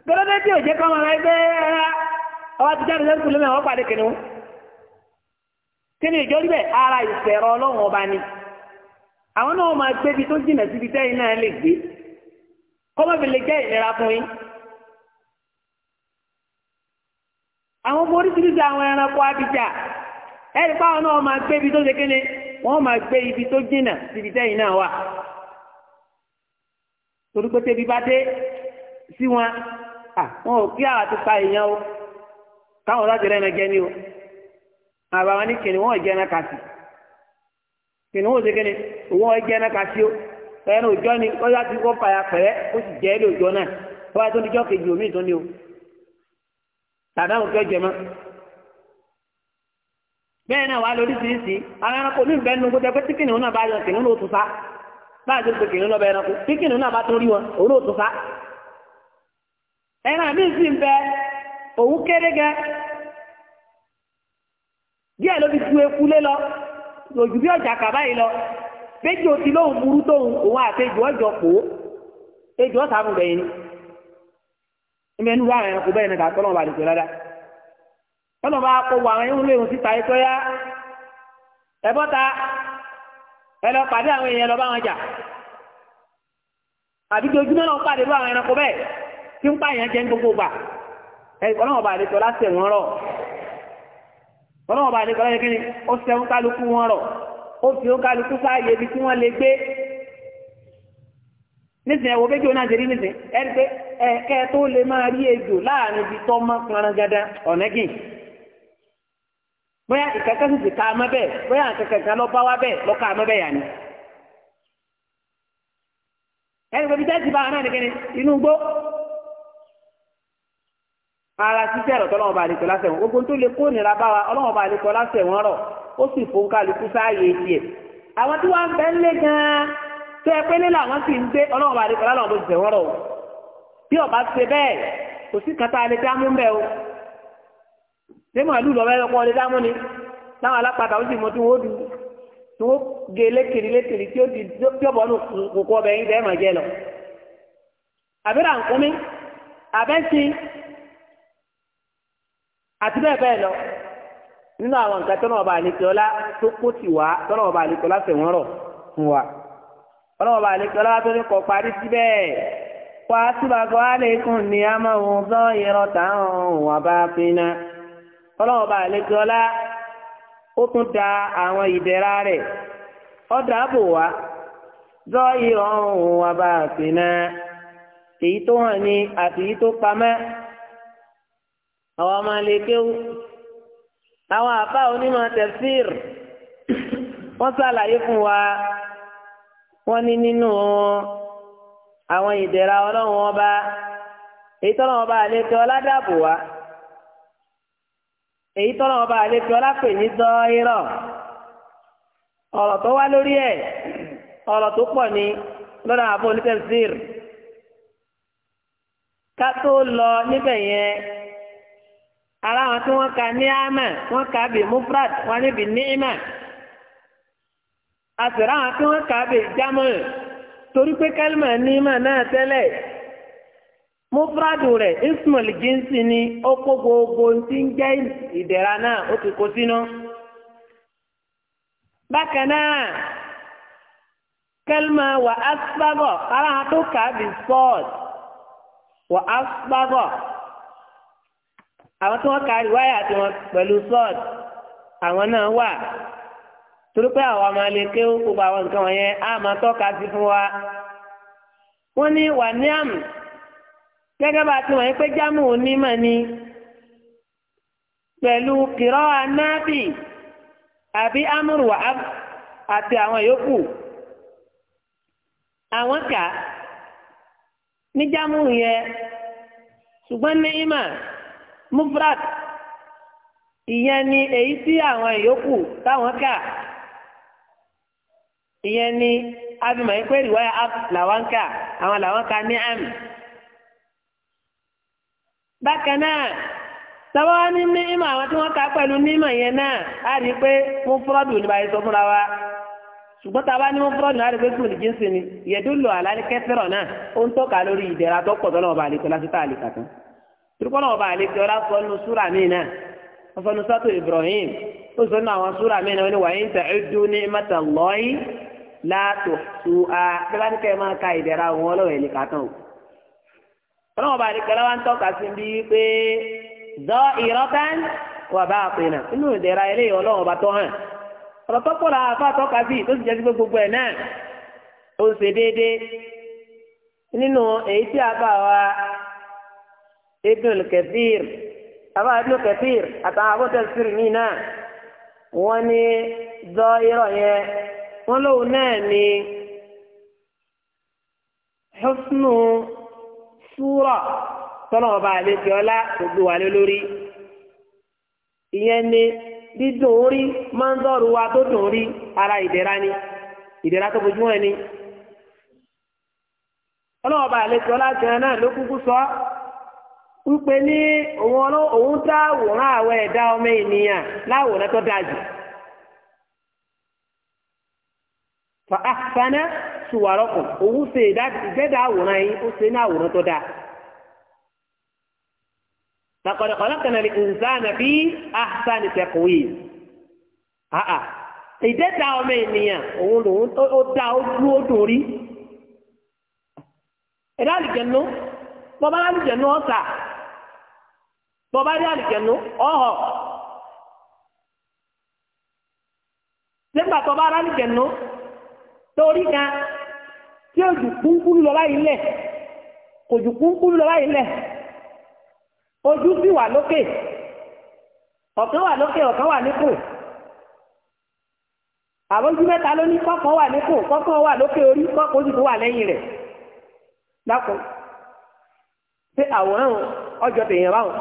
gbọ́dọ̀ tí ò jẹ́ kọ́ máa gbé ara ọwọ́ ti jáde lẹ́rù kùlẹ́mẹ̀ wọ́n pàdé kìnnìún kí ni ìjọ níbẹ̀ ara ìfẹ̀rọ ọlọ́run ọba ni àwọn náà máa gbé ibi tó jìnà síbi tẹ́yìn náà lè gbé kọ́mọ́bì lè jẹ́ ìnira fún yín àwọn ọmọ oríṣiríṣi àwọn ẹranko abidjà ẹ̀rí fáwọn náà máa gbé ibi tó ṣe kéne wọ́n máa gbé ibi tó jìnà síbi tẹ́yìn náà wà torí pé tẹ́bi bá dé sí wọn wọn ò kí àwọn ti pa èèyàn o táwọn láti rẹ́nu jẹ ní o àbá wọn ní kìnìún wọn jẹ ẹran kàsì kìnìún wọn ò segin ni òun wọn jẹ ẹran kàsì o ẹran òjọ ni ó yá ti kó paya pẹ̀rẹ́ ó sì jẹ́ ẹ̀rẹ́ òjọ náà wọ́n bá tó ní jọ́ kejì omi ìtọ́ni o tàdáhùn kí ọ jẹ mọ́ bẹ́ẹ̀ náà wà lóríṣiríṣi àwọn ẹranko ní ìbẹ́ nu gbọ́dọ̀ pé tí kìnìún náà bá yọ kìnìún náà ó tún sá báyìí tó ti pè kìnìún náà náà bá tún rí wọn òun náà ó tún sá ẹran mi zi ń bẹ òun kéré gẹ díẹ̀ ló fi tu eku lé lọ lòjù bí ọjà kàbá yìí lọ péjì òtí lóhùn burú tóhùn òun àti ejò ọjọ ni ìmẹnu wà àwọn ẹranko bẹyìn nígbà tọlọmọba kó síta ya àwọn èèyàn bá wọn jà àbí tí ń pààyàn jẹ́ gbogbo gbà ọlọ́wọ́n bá àdékọ́ láti ẹ̀wọ̀n rọ̀ ọlọ́wọ́n bá àdékọ́ láti kíni ó sẹ́wọ́n kálukú wọn rọ̀ ó fi ó kálukú sáàyè ibi tí wọ́n lè gbé nísìnyí ẹ̀wọ̀ bẹ́jọ́ náà rí tó lè máa rí láàrin ibi tọ́ mọ́ ọ̀nẹ́gìn bóyá ìkẹ́kẹ́ sì ti ká mọ́ bẹ́ẹ̀ bóyá lọ́ bá wá bẹ́ẹ̀ lọ́ ká mọ́ ara títí ẹ̀rọ tọ́lọ́wọ́n bá lè kọ́ lásẹ̀ wọn gbogbo tó lè kó nira bá wa ọlọ́wọ́n bá lè kọ́ lásẹ̀ wọn rọ̀ ó sì fún kálukú sáàyè tiẹ̀ àwọn tí wọ́n bẹ́ ń lé gan-an tó ẹ pé nílò àwọn sì ń gbé ọlọ́wọ́n bá lè kọ́ láwọn tó ti tẹ̀ rọ̀ o bí ọba ṣe bẹ́ẹ̀ kò sí kata lè dá bẹ́ẹ̀ o ṣé màálù lọ́wọ́ ẹ lọ́kọ́ lè dá mú ni láwọn alápàtà ó sì mọ tí wọ́n dù tí wọ́n gé lékiri lékiri tí ó di jọ́bọ̀ nù kókó ọbẹ̀ yín àti bẹ́ẹ̀ bẹ́ẹ̀ lọ nínú àwọn nǹkan tọ́nà ọba àlekèọ́lá tó kó tì wá tọ́nà ọba fẹ̀wọ́n rọ̀ fún wa tọ́nà ọba tó ní kọ̀ parí síbẹ̀ wà tọ́nà ọba ó tún da àwọn ìdẹ̀ra rẹ̀ ó dàbò wá ìrọ̀ wà bá pinna èyí tó hàn ní àti èyí tó pamẹ́. àwọn ọmọ àlekéwú àwọn àbá onímọ̀ tẹ̀síìr wọ́n ṣàlàyé fún wa wọ́n ní nínú àwọn ìdẹ̀ra ọlọ́run ọba èyí tọ́lọ́ ọba àlékè ọládàbò wa èyí tọ́lọ́ ọba àlékè ọlápè ní dọ́ọ́rọ́ ọ̀rọ̀ tó wá lórí ẹ̀ ọ̀rọ̀ tó pọ̀ ní lọ́dà àbọ̀ onítẹ̀síìr ká tó lọ níbẹ̀ yẹn ara wọn tí wọ́n ka níámà wọ́n ka bí mufrad wọ́n níbi níímà àtẹ̀rẹ́ àwọn tí wọ́n ka bí jámọ́ torí pé kálímà níímà náà tẹ́lẹ̀ mufradu rẹ̀ ismail jinsi ni ó kó gbogbo tí ń jẹ́ ìdẹ̀ra náà ó ti kó sínú. bákan náà kálímà wà á sábọ̀ ara wọn tó ka bí sport wà á sábọ̀ àwọn tí wọ́n ka riwáyà tí wọ́n pẹ̀lú sọ́ọ̀d àwọn náà wà torí pé àwọn ọmọ alẹ́ kéwú gbogbo àwọn nǹkan wọ̀nyẹn á máa tọ́ka sí fún wa. wọ́n ní wà ní bá a ti wọ̀nyí pé jámù onímọ̀ ni pẹ̀lú kìrọ́ anábì àbí amúrù àti àwọn yòókù àwọn kà ní jámù yẹn ṣùgbọ́n ní ìmọ̀ mufrad ìyẹn ni èyí tí àwọn ìyókù táwọn kà ìyẹn ni abimọ̀ yìí pé ìwáyà app làwọn kà àwọn làwọn kà ní àmì. bákan náà sábà ní nímọ̀ àwọn tí wọ́n kà pẹ̀lú nímọ̀ yẹn náà á rí i pé mufrad ò ní báyìí sọ fúnra wa ṣùgbọ́n tá a bá ní wọ́n fúlọ́ọ̀nù láti gbé sùn ní jíǹsì ni yẹ̀dúlò àlàní kẹfẹ́rọ̀ náà ó ń tọ́ka lórí ìdẹ̀ra tó pọ̀ tọ́lọ́mọba àlekọ́ lásìkò àlekà turukọ́nà ọba àlejò ọlá sọ nù súrà míì náà wọ́n sọ nù sátò Ibrahim ó sọ nù àwọn súrà míì náà wọ́n ní wàá yín ta'uddu ni'mata Allahi la tuhsuha bẹ́ẹ̀ ni kẹ́ẹ̀ máa ka ìdẹ̀ra òun ọlọ́wọ̀ ẹ̀ nìkan tán o. ọlọ́wọ́ ọba àlejò ọlá wa ń tọ́ka sí bí pé zọ ìrọ́kán wà bá a pinna inú ìdẹ̀ra eléyìí ọlọ́wọ́ ọba tọ́ hàn ọ̀rọ̀ tó pọ̀ làwọn afá tọ́ka sí tó sì gbogbo ẹ̀ náà ó ń ṣe déédéé nínú a bá wa ibn kathir àbá ibn kathir àtàwọn abọ́tẹ̀ sírì mí náà wọ́n ní zọ irọ́ yẹn wọ́n lóun náà ní husnu súrà tọ́lọ́wọ́n bá lè fi ọlá gbogbo wa lé lórí ìyẹn ni dídùn orí máa ń dọ́rù wa tó dùn orí ara ìdẹ̀ra ni ìdẹ̀ra tó bójú wọn ni ọlọ́wọ́n bá lè jẹun náà ló kúkú sọ ń ní òun òun dá àwòrán àwọn ẹ̀dá ọmọ ènìyàn láwòrán tó fa òun ṣe ìdẹ́dà àwòrán yìí ó ṣe ní àwòrán tó dáa. laqad khalaqna al-insana fi ahsani taqwim. ìdẹ́dà ọmọ ènìyàn òun lòun ó dá ó dúró ẹ̀dá bọ́bá ọ̀sà. tó bá rí àlìjẹ̀nu ọ̀họ̀ nígbà tó bá rí àlìjẹ̀nu torí kan tí òjò kúńkúrú lọ báyìí lẹ̀ òjò kúńkúrú lọ báyìí lẹ̀ ojú sì wà lókè ọ̀kan wà lókè ọ̀kan wà nípò àbójú mẹ́ta ló ní kọ́kàn wà nípò kọ́kàn wà lókè orí kọ́kàn ojú tó wà lẹ́yìn rẹ̀ dákun pé àwòrán ọjọ́ tèèyàn báwọn.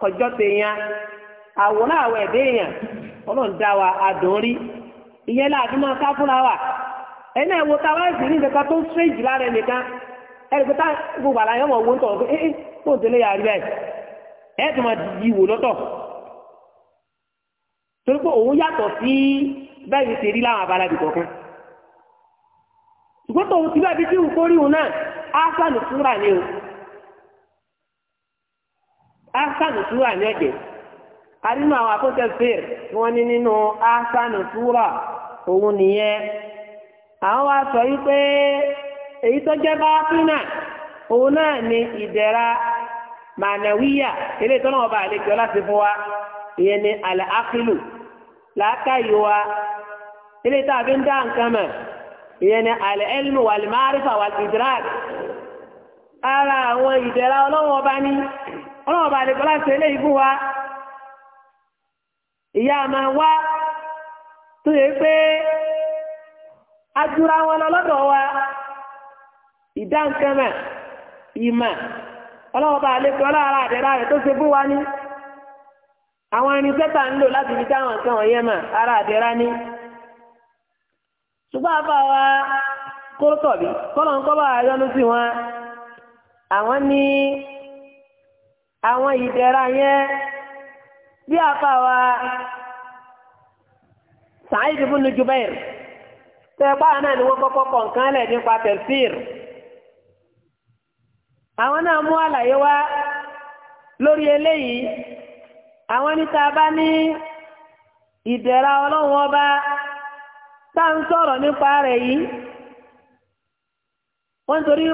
kọjọ́ tèèyàn àwòrán àwọn ẹ̀dẹ́ èèyàn ọlọ́run dá wa àdùn rí ìyẹn láàbí ká fúnra wa ẹni ẹ̀wò táwa ẹ̀sìn ní nǹkan tó ń ṣe jù rẹ nìkan ẹni pé gbogbo àlàyé ọmọ òwò ń tọ̀ ẹ́ ẹ́ kó rí bẹ́ẹ̀ ẹ̀ tó máa di ìwò lọ́tọ̀ torí ahsanu súra ní ẹ̀jẹ̀ arínú àwọn akókò fèrè wọn ni n'inu ahsanu súra òun nìyẹn àwọn wa sọ yìí pé èyí tó jẹ́ báfínà òun náà ni ìdẹ̀ra mànàwíyà eléyìí tó náà ọba àlejò láti fún wa ìyẹn ni àlẹ́ ákìlù làákàyè wa eléyìí tó àfi ń dá nǹkan ìyẹn ni àlẹ́ ẹlmù ara àwọn ní. ọlọ́wọ́ bá lè kọ́lá ṣe wa ìyá máa wá tó yẹ pé wọn lọ lọ́dọ̀ wa ìdáǹkẹ́mà ìmà ọlọ́wọ́ bá ara àdẹ́rà rẹ̀ tó ṣe wa ní àwọn irinṣẹ́ tà ń láti fi nǹkan ara àdẹ́rà ní ṣùgbọ́n àbá wa kó tọ̀bí bá sí wọn àwọn ìdẹ̀ra yẹn bí àfàwà Sa'id ibn Jubair tẹ́gbà náà ni wọ́n kọ́kọ́ kọ̀ nǹkan lẹ̀ nípa tẹ̀síìr àwọn náà mú àlàyé lórí eléyìí àwọn níta bá ní ìdẹ̀ra ọlọ́run ọba tá à ń sọ̀rọ̀ nípa rẹ̀ yìí wọ́n torí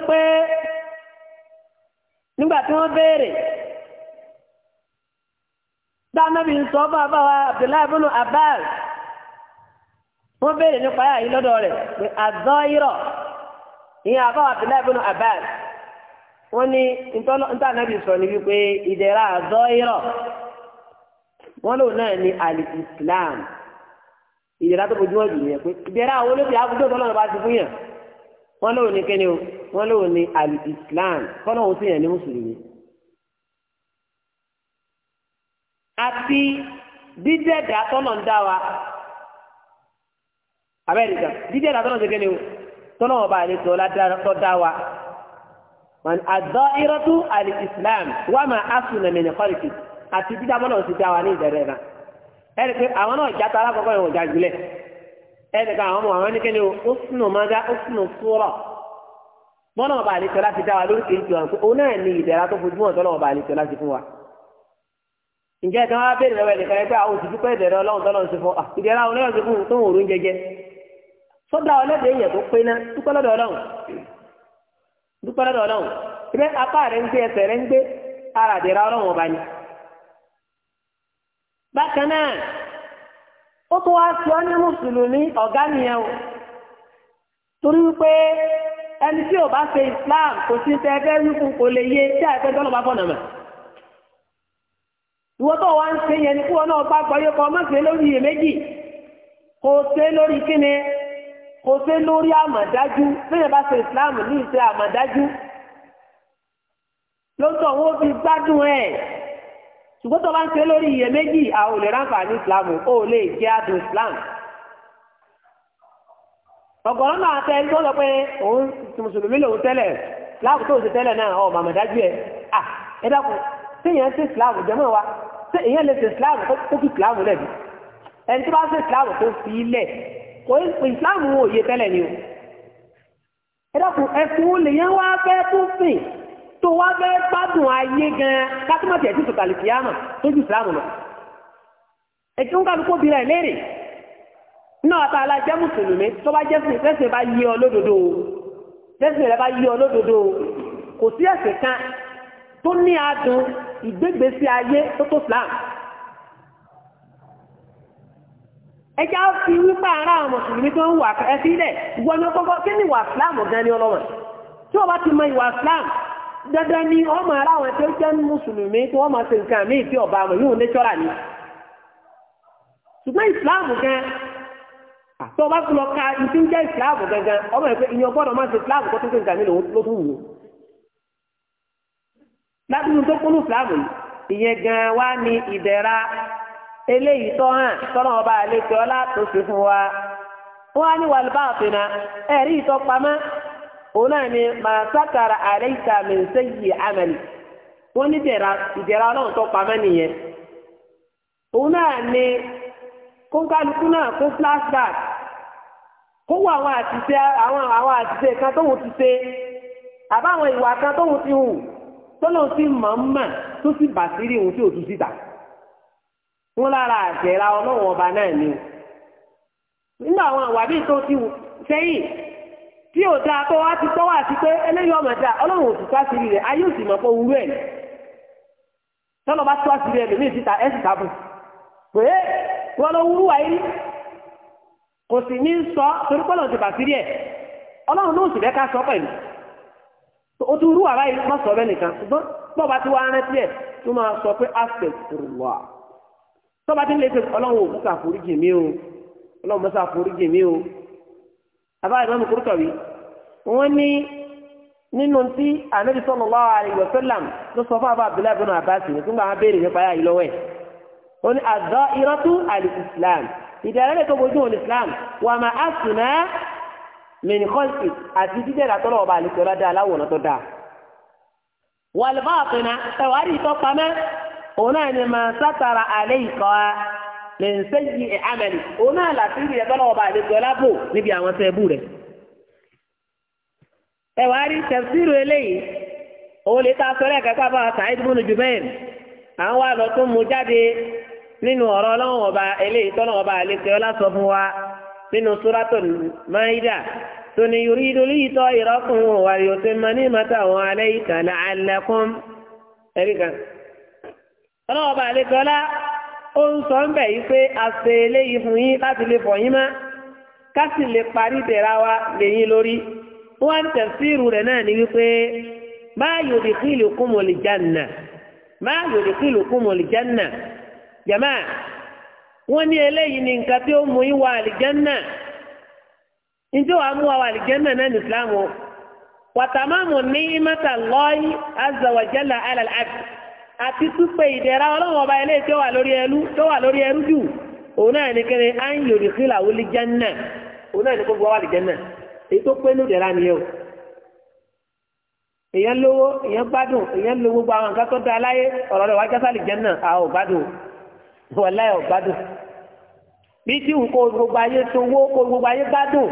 dánábì ń sọ bá bá Abdullahi Abbas wọ́n béèrè nípa ayà yìí lọ́dọ̀ rẹ̀ pé àzọ́ irọ́ ìyẹn àbá Abdullahi bin Abbas ní sọ ní wípé lò náà ní al-Islam pé àwọn bá ti fún yàn lò ní o lò ní islam ní mùsùlùmí. àti dídẹ̀dà tọ́nà ń dá wa abẹ́rẹ́dà dídẹ̀dà tọ́nà ṣe kéde o tọ́nà wọn bá àlejò ọ̀làdàtọ̀ dá wa wọn àdọ́ irọ́tú àlè islam wà máa asùn ẹ̀mẹ̀nẹ̀ kọ́lìkì àti dídá bọ́lá òsì dá wa ní ìdẹ̀rẹ̀ náà ẹ̀rì pé àwọn náà játa alákọ̀ọ́kọ́ yẹn wò já jùlẹ̀ ẹ̀rì pé àwọn ọmọ àwọn ní kéde o ó sùnù mọ́gá ó sùnù fúrọ̀ ǹjẹ́ ẹ̀ka wá bẹ̀rẹ̀ lọ́wọ́ ẹnìkan ẹgbẹ́ àwọn òtítù pẹ́ ìdẹ̀rẹ̀ ọlọ́run tọ́lọ́run sí fún à ìdẹ̀rẹ̀ àwọn ọlọ́run sí fún tó ń wòrú jẹjẹ sọ́dà ọlọ́dẹ èèyàn tó pé náà dúpẹ́ lọ́dọ̀ ọlọ́run dúpẹ́ lọ́dọ̀ ọlọ́run ibẹ̀ apá rẹ̀ ń gbé ẹsẹ̀ rẹ̀ ń gbé ara àdẹ̀rẹ̀ ọlọ́run ọba ni. bákan náà ó tún wá sí ní mùsùlùmí ọ̀gá nìyẹn o torí wípé ẹni Islam kò sí tẹ́ fẹ́ wípé kò lè ìwọ tó wá ń ṣe yẹn ni kúrò náà bá gbọ́yé kọ má ṣe lórí iyèméjì kò ṣe lórí kíni kò ṣe lórí àmọ̀dájú lẹ́yìn bá ṣe ìsìláàmù ní ìṣe àmọ̀dájú lóòótọ́ wọn fi gbádùn ẹ̀ ṣùgbọ́n tó bá ń ṣe lórí iyèméjì a ò lè ráǹfààní ìsìláàmù ó lè jẹ́ àdùn ìsìláàmù ọ̀gọ̀rọ̀ náà tẹ ẹni tó pé òun mùsùlùmí lòun tẹ́lẹ̀ láàbù tó tẹ́lẹ̀ náà ọ̀ màmọ̀dájú ẹ̀ tí èèyàn ṣe islam jẹ́mọ̀ wa tí èèyàn lè ṣe islam tó fi islam lẹ́bi ẹni tó bá ṣe islam tó fi ilẹ̀ kò islam wo òye tẹ́lẹ̀ ni o ẹ dákun ẹ̀sìn olè yẹn wá fẹ́ tó sìn tó wá fẹ́ gbádùn ayé gan-an kátìmọ̀tì ẹ̀sìn tòkàlì kìámà tó ju islam lọ ẹ̀sìn kàbí kó bira ẹ̀ léèrè náà tá a la jẹ́ mùsùlùmí tó bá jẹ́ sùn tẹ́sìn bá yí ọ lódodo o tẹ́sìn rẹ bá yí ọ lódodo o kò sí ẹ̀sìn kan tó ní adùn ìgbégbèsí ayé tó tó Islam a fi wípé ara àwọn mùsùlùmí tó ń wà ẹfí lẹ̀ ìwọ́n ní kọ́kọ́ kí ni ọ Islam gan ni ọlọ́wọ̀n tí bá ti mọ ìwà dandan ni ara àwọn tí ó jẹ́ mùsùlùmí tí wọ́n nǹkan ọba àmọ̀ yóò ni ṣùgbọ́n gan bá fi lọ ka ń jẹ́ gangan ọmọ ìyẹn ọgbọ́dọ̀ máa ṣe kó tó ṣe nǹkan láti tó kúnnú fúlàmù ìyẹn gan wá ní ìdẹ̀ra eléyìí tó hàn tọ́nà ọba àlejò ọlá tó ṣe fún wa wọ́n á ní wàlúbà àfìnà ẹ̀rí ìtọ́pamọ́ òun náà ni màá sákàrà àlẹ́yìíta mẹ́sẹ̀ yìí àmàlì wọ́n ní ìdẹ̀ra ọlọ́run pamọ́ nìyẹn òun náà ni kóńkálukú náà kó flashback kó wọ àwọn àtìsẹ́ ti ṣe tọ́lọ̀ sí màmá tó sì bà sírí òun tí ò tú síta wọn lára àjẹrà ọlọ́wọ́n ọba náà ni o nínú àwọn àwàbí tó ti sẹ́yìn tí ò dáa tó wá ti tọ́wọ́ àti pé eléyìí ọmọ dáa ọlọ́wọ́n òtún tó àṣírí rẹ̀ ayé òsì mọ̀ pé òwúrú ẹ̀ tọ́lọ̀ bá tó àṣírí ẹ̀ lómi ìsìta ẹ̀ sì tábù pé wọn lọ wúrú wáyé rí kò sì ní sọ torí pọ́lọ̀ ti bà sírí ẹ̀ ọlọ́run ló sì fẹ́ ká sọ pẹ̀lú ó tún rú àrá yìí má sọ bẹ́ẹ̀ nìkan ṣùgbọ́n bọ́ọ̀bá tí wàá rántí ẹ̀ tó máa sọ pé astaghfirullah tọ́ba tí ń lè ṣe ọlọ́run ò mọ́sà foríjì mí o ọlọ́run mọ́sà foríjì mí o àbá ìmọ̀ mi kúrútọ̀ wí. wọ́n ní nínú tí anabi sallallahu alaihi wasallam ló sọ fún abá abdullahi bin abbas ní fúnbà wọn béèrè nípa ayé lọ́wọ́ ẹ̀ ó ní ad-da'iratu al-islam ìdàrẹ́lẹ̀ tó bójú wọn islam wà máa mẹnikọ́lìkì àti jíjẹ́ ìdàtọ́lọ́ ọba àlejò ọba dáa láwòrán tó dáa. wàlúbà ọ̀pìnà ẹ̀wárí ìtọ́ pamẹ́ òun náà ni màá sátara àlẹ́ ìkọ́ a lè ń sẹ́yìn ìhámẹ́lì òun náà láti rí ìdàtọ́lọ́ ọba àlejò ọlábò níbi àwọn sẹ́ẹ̀bù rẹ̀. ẹ̀wárí tẹ̀síìrù eléyìí òun lè ta sọ́lẹ̀ kẹ́kọ́ bá Sa'id ibn Jubair àwọn wa lọ tún mú jáde nínú ọ̀rọ̀ ọlọ́run ọba eléyìí tọ́lọ́run ọba àlejò ọlá sọ fún wa nínú sóràtò máìdá tó ní yuridu liyutọ ìrọ́kùn wà yutimma ni'mata alayka la'allakum ẹ̀ríkà. ọlọ́wọ́ bá àlekọ́lá ó ń sọ ń bẹ̀ yí pé a ṣe eléyìí fún yín láti lè fọ̀ yín mọ́ ká sì lè parí ìdẹ̀ra wa lẹ́yìn lórí. wọ́n ń tẹ̀síìrù rẹ̀ náà ní wípé ma yudkhilukumul janna ma yudkhilukumul janna jàmáà wọ́n ní eléyìí ní nǹkan tí ó mú yín wọ àlìjẹ́nà njẹ́ wàá mú àwọn àlìjẹ́nà náà ní islam o wàtàmáàmù ní imata lọ́ọ̀yì azawajala alalad àti túpẹ̀ ìdẹ̀ra ọlọ́run ọba eléyìí tó wà lórí ẹrú tó wà lórí ẹrú jù òun náà ní kẹ́ni á ń yòrì sílà wọlé jẹ́nà òun náà ní kó gbọ́ wà àlìjẹ́nà èyí tó pé ní ìdẹ̀ra nìyẹn o èyàn lówó èyàn gbádùn èyàn lówó gbogbo àwọn nǹkan tó da láyé ọ̀rọ̀ rẹ̀ wájú sálì jẹ́nà àwọn ò gbádùn o wọlé ọ̀ gbádùn bí tí nǹkan gbogbo ayé tó wó kó gbogbo ayé gbádùn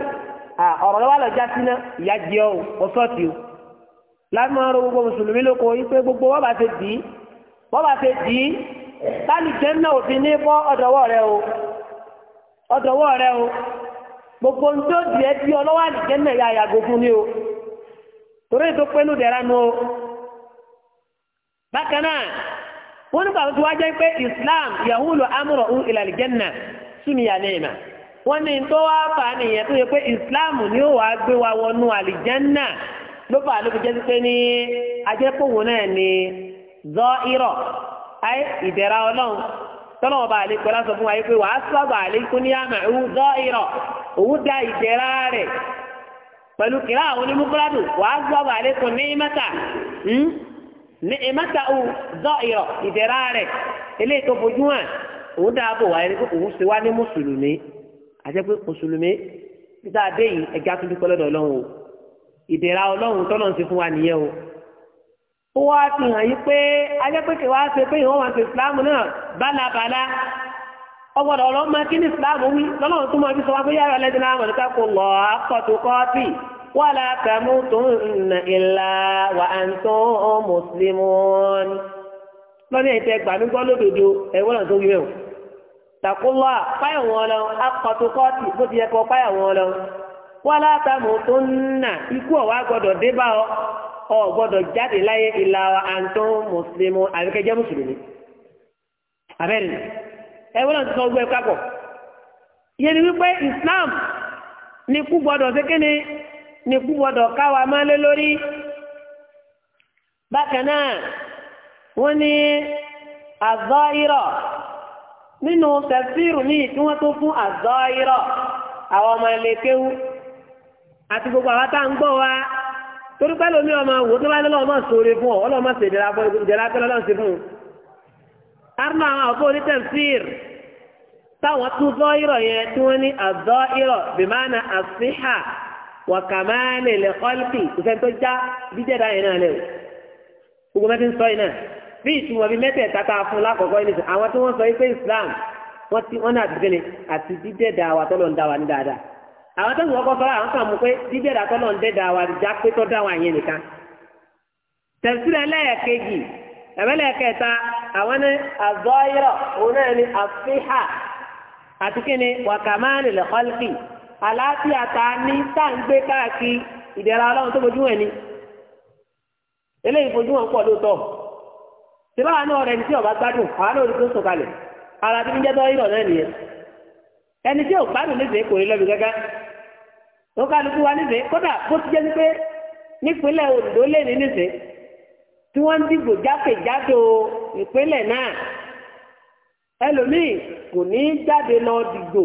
ọ̀rọ̀ lọ́wọ́ lọ já síná ìyá jẹ ọ́ ọ̀sọ́ọ̀tì o lámọ́rọ̀ gbogbo mùsùlùmí lóko yìí pé gbogbo wọ́n bá ṣe dì í wọ́n bá ṣe dì í táàlì jẹ́nà òfin ní bọ́ ọ̀dọ̀wọ́ rẹ o ọ̀dọ̀wọ́ rẹ o gbogbo ń tó dìé bí ọlọ́wọ́ àdìjẹ́nà ya yàgò fún ni o torí ètò pẹ́lú dẹ̀ra nu o bákan náà wọ́n nígbà tó wá jẹ́ pé islam yahulu amúrọ̀hún ìlàlìjẹ́nà súnìyà nìyẹn wọ́n ní tó wá fà á nìyẹn tó yẹ pé islam ni ó wàá gbé wa wọnú àlìjẹ́nà ló fà á ló fi jẹ́ pé ní ajẹ́pọ̀wò náà ni zọ́ irọ̀ ayé ìdẹ̀ra ọlọ́run tọ́lọ̀ ọba àlekò lásọ fún wa yìí pé wàá sọ́gbà àlekò ní àmà ìwú zọ́ irọ̀ òwú da ìdẹ̀ra rẹ̀ pẹ̀lú kìlá àwọn onímúkúrádù wàá sọ́gbà àlekò ní mẹ́ta hmm? ní ìmọ̀tàwù zọ́ọ̀yọ̀ ìdẹ̀ra rẹ̀ eléyìí tó fojú hàn òun dáàbò wáyé ní kókò òun ṣe wá ní mùsùlùmí àti mùsùlùmí títà dé yìí ẹja tó dúpẹ́ lọ́dọ̀ o ti fún wa nìyẹn o ó wá fi hàn yí pé ajẹ́pẹ́kẹ́ wá ṣe pé ìwọ́n wà ṣe ìsìláàmù náà bálabàlá ọgbọ́dọ̀ ọlọ́mọ kí wí tó mọ wala tamutunna illa wa antum muslimun lọ́nà ìtẹ́ gbàmí gbọ́ lódodo ẹ̀wọ́n náà tó wí mẹ́wọ̀n tàkúlọ́ àpáyà wọn lọ akọ̀tùkọ́tì bó ti yẹ kọ́ páyà wọn lọ wala tamutunna ikú ọ̀wá gbọ́dọ̀ dé bá ọ ọ gbọ́dọ̀ jáde láyé ìlà wa àǹtọ́ mùsùlùmù àbíkẹ́jẹ́ mùsùlùmí abẹ́rẹ́ ẹ̀wọ́n náà ti sọ gbọ́ ẹ kápọ̀ yẹni Islam ni kú gbọ́dọ̀ sékéne ní kú gbọ́dọ̀ káwa má lé lórí bákan náà wọ́n ní àzọ́írọ̀ nínú tẹ̀síìrù míì tí wọ́n tó fún àzọ́írọ̀ àwọn ọmọ ilé kéwú àti gbogbo àwọn tá à ń gbọ́ wa torí pẹ́ lómi ọmọ wò tó bá lé lọ́wọ́ sóore fún ọ ọlọ́wọ́ máa sèdèrè abọ́ ìjẹ́lá pẹ́ lọ́wọ́ sí fún un. arúgbó àwọn ọ̀fọ́ orí tẹ̀síìrù táwọn tún zọ́ yẹn tí wọ́n ní àzọ́ bìmánà àfíhà wàkàmá lèlè kọ́lìkì kò sẹ́ni tó já jíjẹ́ dáhìn náà lẹ̀ o gbogbo mẹ́tí ń sọ yìí náà bí ìtumọ̀ bíi mẹ́tẹ̀ẹ̀ta tá a fún lákọ̀ọ́kọ́ yìí nìkan àwọn tí wọ́n sọ pé Islam wọ́n ti wọ́n náà dìgbẹ́lẹ̀ àti jíjẹ́ dá wa tọ́lọ̀ ń dá wa ní dáadáa àwọn tó ń wọ́kọ́ sọ́ra àwọn kàn mú pé jíjẹ́ dá tọ́lọ̀ ń dẹ́ dá wa já pé tọ́ dá wa yẹn nìkan tẹ̀sílẹ̀ lẹ́ẹ̀kejì ẹ̀mẹ́lẹ́kẹta àwọn ní àzọ́yọ̀ òun náà ní àfihà àti kíni wàkàmá lèlè kọ́lìkì àlàáfíà ta ní tá ń gbé káàkiri ìdẹ̀ra ọlọ́run tó fojú hàn ni eléyìí fojú hàn pọ̀ lóòótọ́ síbá wa náà rẹ̀ ní tí ọba gbádùn àwa náà rí tó sọ̀kalẹ̀ ara tí ń jẹ́ tọ́ ìrọ̀ náà nìyẹn ẹni tí ò gbádùn nífẹ̀ẹ́ kò rí lọ́bi gángan tó kálukú wa nífẹ̀ẹ́ kódà bó ti jẹ́ sí pé nípínlẹ̀ Ondo lè ní nífẹ̀ẹ́ tí wọ́n ń dìbò jákèjádò ìpínlẹ̀ náà ẹlòmíì kò ní jáde lọ dìgbò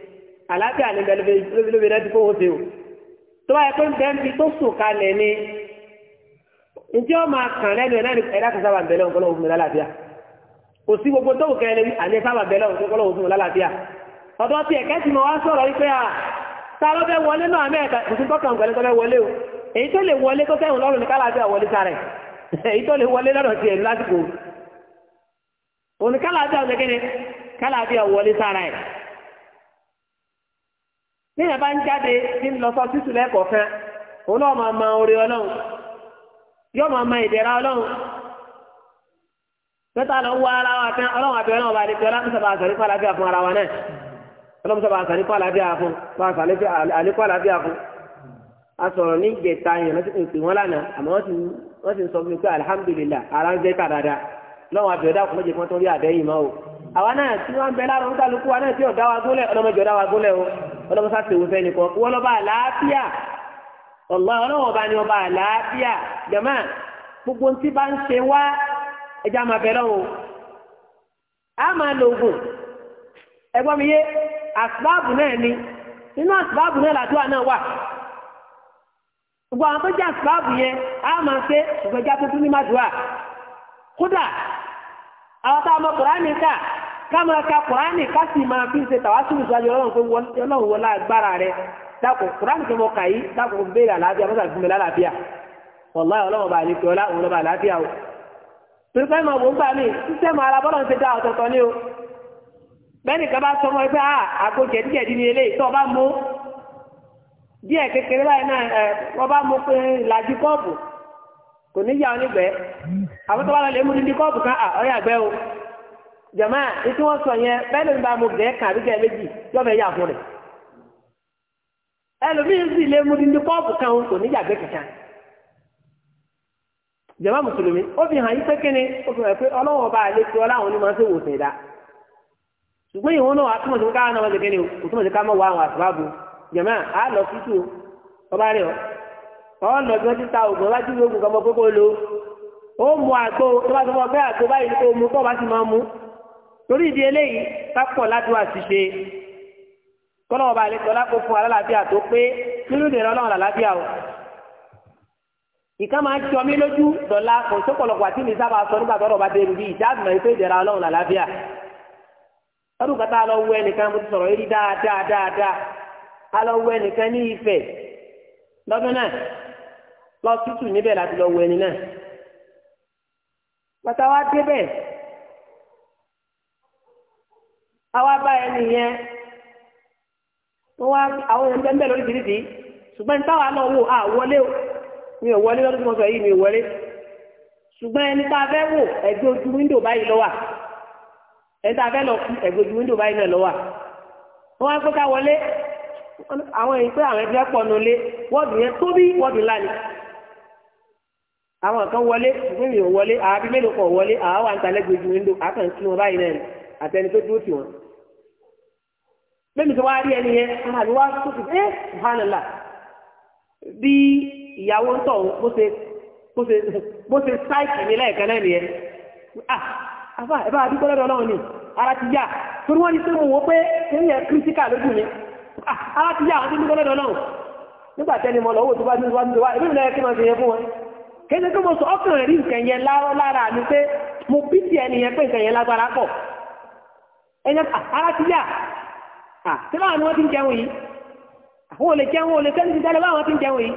àlàáfíà ní bẹ̀lẹ́bẹ̀ lóbi rẹ̀ ti fowó o tó bá yẹ pé bẹ́ẹ̀ fi tó sùn kalẹ̀ ni njẹ́ ọ máa kàn lẹ́nu ẹ̀ kan sábà ń bẹ̀lẹ́ fún mi lálàáfíà kò sí gbogbo tó kẹ́ ẹni àní sábà bẹ̀lẹ́ ọ̀kọ́lọ́wọ́ fún mi lálàáfíà ọ̀dọ́ ti ẹ̀kẹ́ ti mọ̀ wá sọ̀rọ̀ wípé à ta fẹ́ wọlé náà mẹ́ẹ̀ta kò sí tọ́kàn o téèyàn bá ń jáde tí ń lọ sọ títù lẹ́kọ̀ọ́ kan òun náà máa ma oore ọlọ́run yóò máa ma ìdẹ̀ra ọlọ́run pẹ́tà lọ wọ ara wa kan ọlọ́run àbẹ̀ ọlọ́run bá lè fi ọlọ́run sábà àṣàrí fún àlàáfíà fún ara wa náà ọlọ́run sábà àṣàrí fún àlàáfíà fún àlékún àlàáfíà fún a sọ̀rọ̀ ní ìgbẹ̀ta yẹn lọ́sí pé wọ́n lánàá àmọ́ wọ́n ti sọ fún mi pé alihamudulilayi ara ọlọpụta sáà tẹ̀wọ́ kan wọ́n lọ́ba àlàáfíà ọ̀la ọlọ́wọ́ bá ní ọba àlàáfíà jẹ̀mọ́ gbogbo bá ń ṣe wá ẹja máa bẹ̀rẹ̀ o a máa lo oògùn ẹgbọ́n mi yé náà ni nínú náà làdúrà náà wà gbogbo àwọn tó jẹ́ yẹn a máa káma ka kùránì ká sì máa fi ṣe tàwa sí ìṣáájú ọlọ́run pé ọlọ́run wọlá agbára rẹ dákò kùránì tó mọ kàyí dákò a àlàáfíà mọ́tà fún ọla lálàáfíà wọ̀lá ọlọ́run bá lè fi o. pé fẹ́ mọ̀ ala ni o. kaba sọ a àgbo jẹ̀díjẹ̀dí ni ọba báyìí náà ọba kò ní yà àwọn tó bá lọ lè o. jama ètò wọn sọ yẹn bẹ́ẹ̀ ló mu gẹ̀ẹ́ kan àbí gẹ̀ẹ́ méjì yọ̀bẹ̀ yà fún rẹ̀ ẹlòmíín sì lé mu dídí kọ́ọ̀pù kan kò ní yàgbẹ́ kankan jama mùsùlùmí ó hàn yí pé kíni hàn pé ọlọ́wọ́ bá ọlá àwọn onímọ̀ o kò ọba ọ lọ bí ti ta oògùn ọba oògùn kókó lo ó mu torí ìdí eléyìí kápọ̀ ládùúgbò àṣìṣe kọ́nà ọba àlejò ọlákó fún alálàáfíà tó pé nínú ìdèrè ọlọ́run àlàáfíà o ìka máa ń jọ mí lójú dọ̀la kò sọ́pọ̀lọpọ̀ àti mi sábà sọ nígbà tọ́rọ̀ bá dẹrù bíi ìjáàbù náà ìfẹ́ ìdèrè ọlọ́run àlàáfíà ọdún kan tá a lọ wọ ẹnìkan mo ti sọ̀rọ̀ yìí dáadáa dáadáa a lọ wọ ẹnìkan ní Ifẹ̀ lọ́dún náà lọ tútù níbẹ̀ láti lọ wọ ẹni náà pátá wá débẹ̀ àwa bá ẹni yẹn wọ́n àwọn èèyàn bẹ́ẹ̀ bẹ́ẹ̀ lóríṣiríṣi ṣùgbọ́n ní táwa náà wò á wọlé o mi ò wọlé lọ́dún tí mo sọ yìí mi ò wọlé ṣùgbọ́n ẹni tá a fẹ́ wò ẹ̀gbẹ́ ojú wíńdò báyìí lọ́wà ẹni tá a fẹ́ lọ kú ẹ̀gbẹ́ ojú wíńdò báyìí náà lọ́wà wọ́n á pé ká wọlé àwọn èyí pé àwọn ẹgbẹ́ pọ̀ nulẹ̀ wọ́ọ̀dù yẹn tóbi wọ́ọ̀dù ńlá ni àwọn kan wọlé ṣùgbọ́n mi ò wọlé àbí mélòó wọlé àwa wà ń talẹ́gbẹ̀ẹ́ ojú wíńdò àkànkí wọn báyìí náà àtẹni dúró tì wọn. lẹ́nu tó wá rí ẹni yẹn wá sókè ẹ́ eh, ìyàwó ń tọ̀ bó ṣe bó ṣe bó ṣe ah ẹ bá a dúpẹ́ lọ́dọ̀ náà ni ara ti yá torí wọ́n ní pé mo wò pé èyí yẹn kírísíkà ah ara ti yá àwọn tó náà nígbà tẹ́ni lọ́wọ́ tó bá wá náà kí n máa ṣe yẹn fún wọn kéde mo sọ nǹkan yẹn lára mi pé mo bí tí báwọn ni wọ́n ti ń jẹun yìí àwọn olè jẹun olè kẹ́ni ti dálé báwọn ti ń jẹun yìí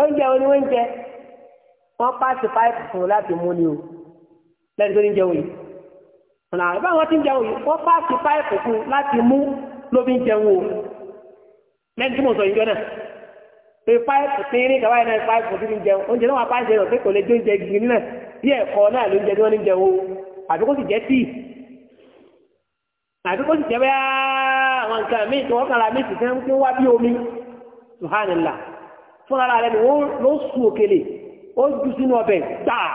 oúnjẹ wo ni wọ́n ń jẹ wọ́n pàṣẹ páìpù fún láti mú ni o lẹ́yìn tó ń jẹun yìí ọ̀nà àrùbá wọn ti ń jẹun yìí wọ́n pàṣẹ páìpù fún láti mú ló fi ń jẹun o lẹ́yìn tí mo sọ ìjọ náà pé páìpù tí ń kàwá yìí náà páìpù tí ń jẹun oúnjẹ náà wà pàṣẹ rẹ̀ pé kò lè jó oúnjẹ gidi náà bí ẹ̀kọ́ náà àwọn nǹkan míì tí wọ́n kàrà míì sì fẹ́ ń pín wá bí omi subhanallah fún ara rẹ̀ ló sù òkèlè ó jù sínú ọbẹ̀ gbàá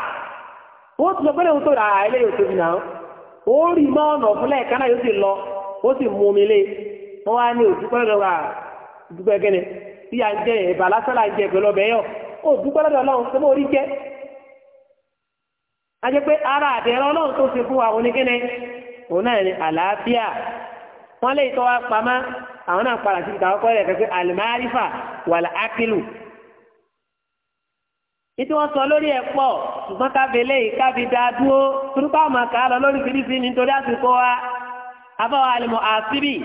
ó ti sọ pé lóun tó ilé yóò tóbi náà ó rí mọ́ ọ̀nà fúnlẹ̀ kánà yóò sì lọ ó sì mú omi lé wọ́n wá ní òdúpẹ́ lọ́dọ̀ ń jẹ lásán pẹ̀lú ọbẹ̀ yọ lọ́dọ̀ ọlọ́run tó mọ̀ orí jẹ́ a pé ara ọlọ́run tó ṣe fún wa òun náà ní àlàáfíà wọ́n lè tọ́ wa pamá àwọn náà padà sí ìtàwọn kọ́ ẹ̀ kẹ́kẹ́ alimarifa wàlà akilu. ìtí wọ́n sọ lórí ẹ̀ pọ̀ ṣùgbọ́n kábílẹ̀ yìí kábí dá dúró turúkọ́ àmọ́ ká lọ lórí fìdífì nítorí àsìkò wa abáwa alimọ̀ àṣírí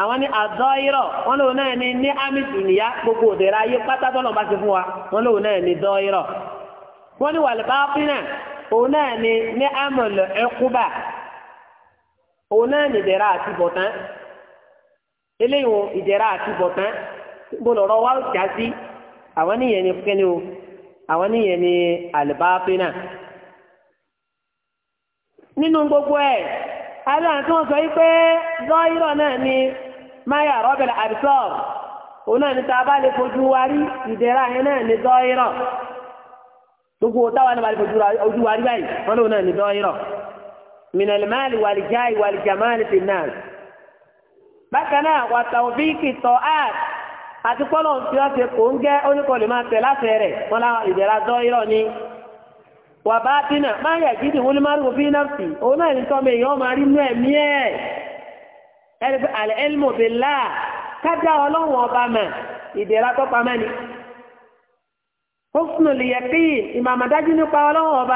àwọn ní àzọ́ irọ̀ wọ́n lòun náà ní ní amisu nìyá gbogbo òdèrè ayé pátátọ́ náà bá ti fún wa wọ́n lòun náà ní dọ́ wọ́n ní wàlúbáfínà òun náà ní ní amọ̀lẹ̀ ẹ̀kúbà òun náà ní ìdẹ̀ra àti bọ̀tán eléyìí ìdẹ̀ra àti bọ̀tán gbọ́dọ̀ wá jà sí àwọn níyẹn ní kẹ́ni o àwọn níyẹn ní nínú ni máyà rọ́bìlì àbísọ́ọ̀rù òun náà ní tábà lè fojú wa rí ìdẹ̀ra yẹn náà ní lọ́yìnrọ̀ gbogbo náà bá lè fojú wa rí báyìí wọn náà ní من المال walijamaali والجمال في الناس. wàtàwọ́fíìkì tọ́ áàt àti kọ́lọ̀ tí wọ́n ṣe kò ń gẹ́ oníkọ̀ọ́lù máa tẹ̀ láti rẹ̀ wọn láwọn ìdẹ̀ra dọ́ irọ́ ni wà bá dínà máa yẹ jíjì wọlé máa rò fi náà sí òun náà ní tọ́mọ èèyàn máa rí inú ẹ̀mí ẹ̀ ẹni pé àlẹ́ ẹlmọ̀ fi là kájà ọlọ́run ọba mà ìdẹ̀ra tó pamẹ́ ni ó fún un lè yẹ kí ìmàmàdájú nípa ọlọ́run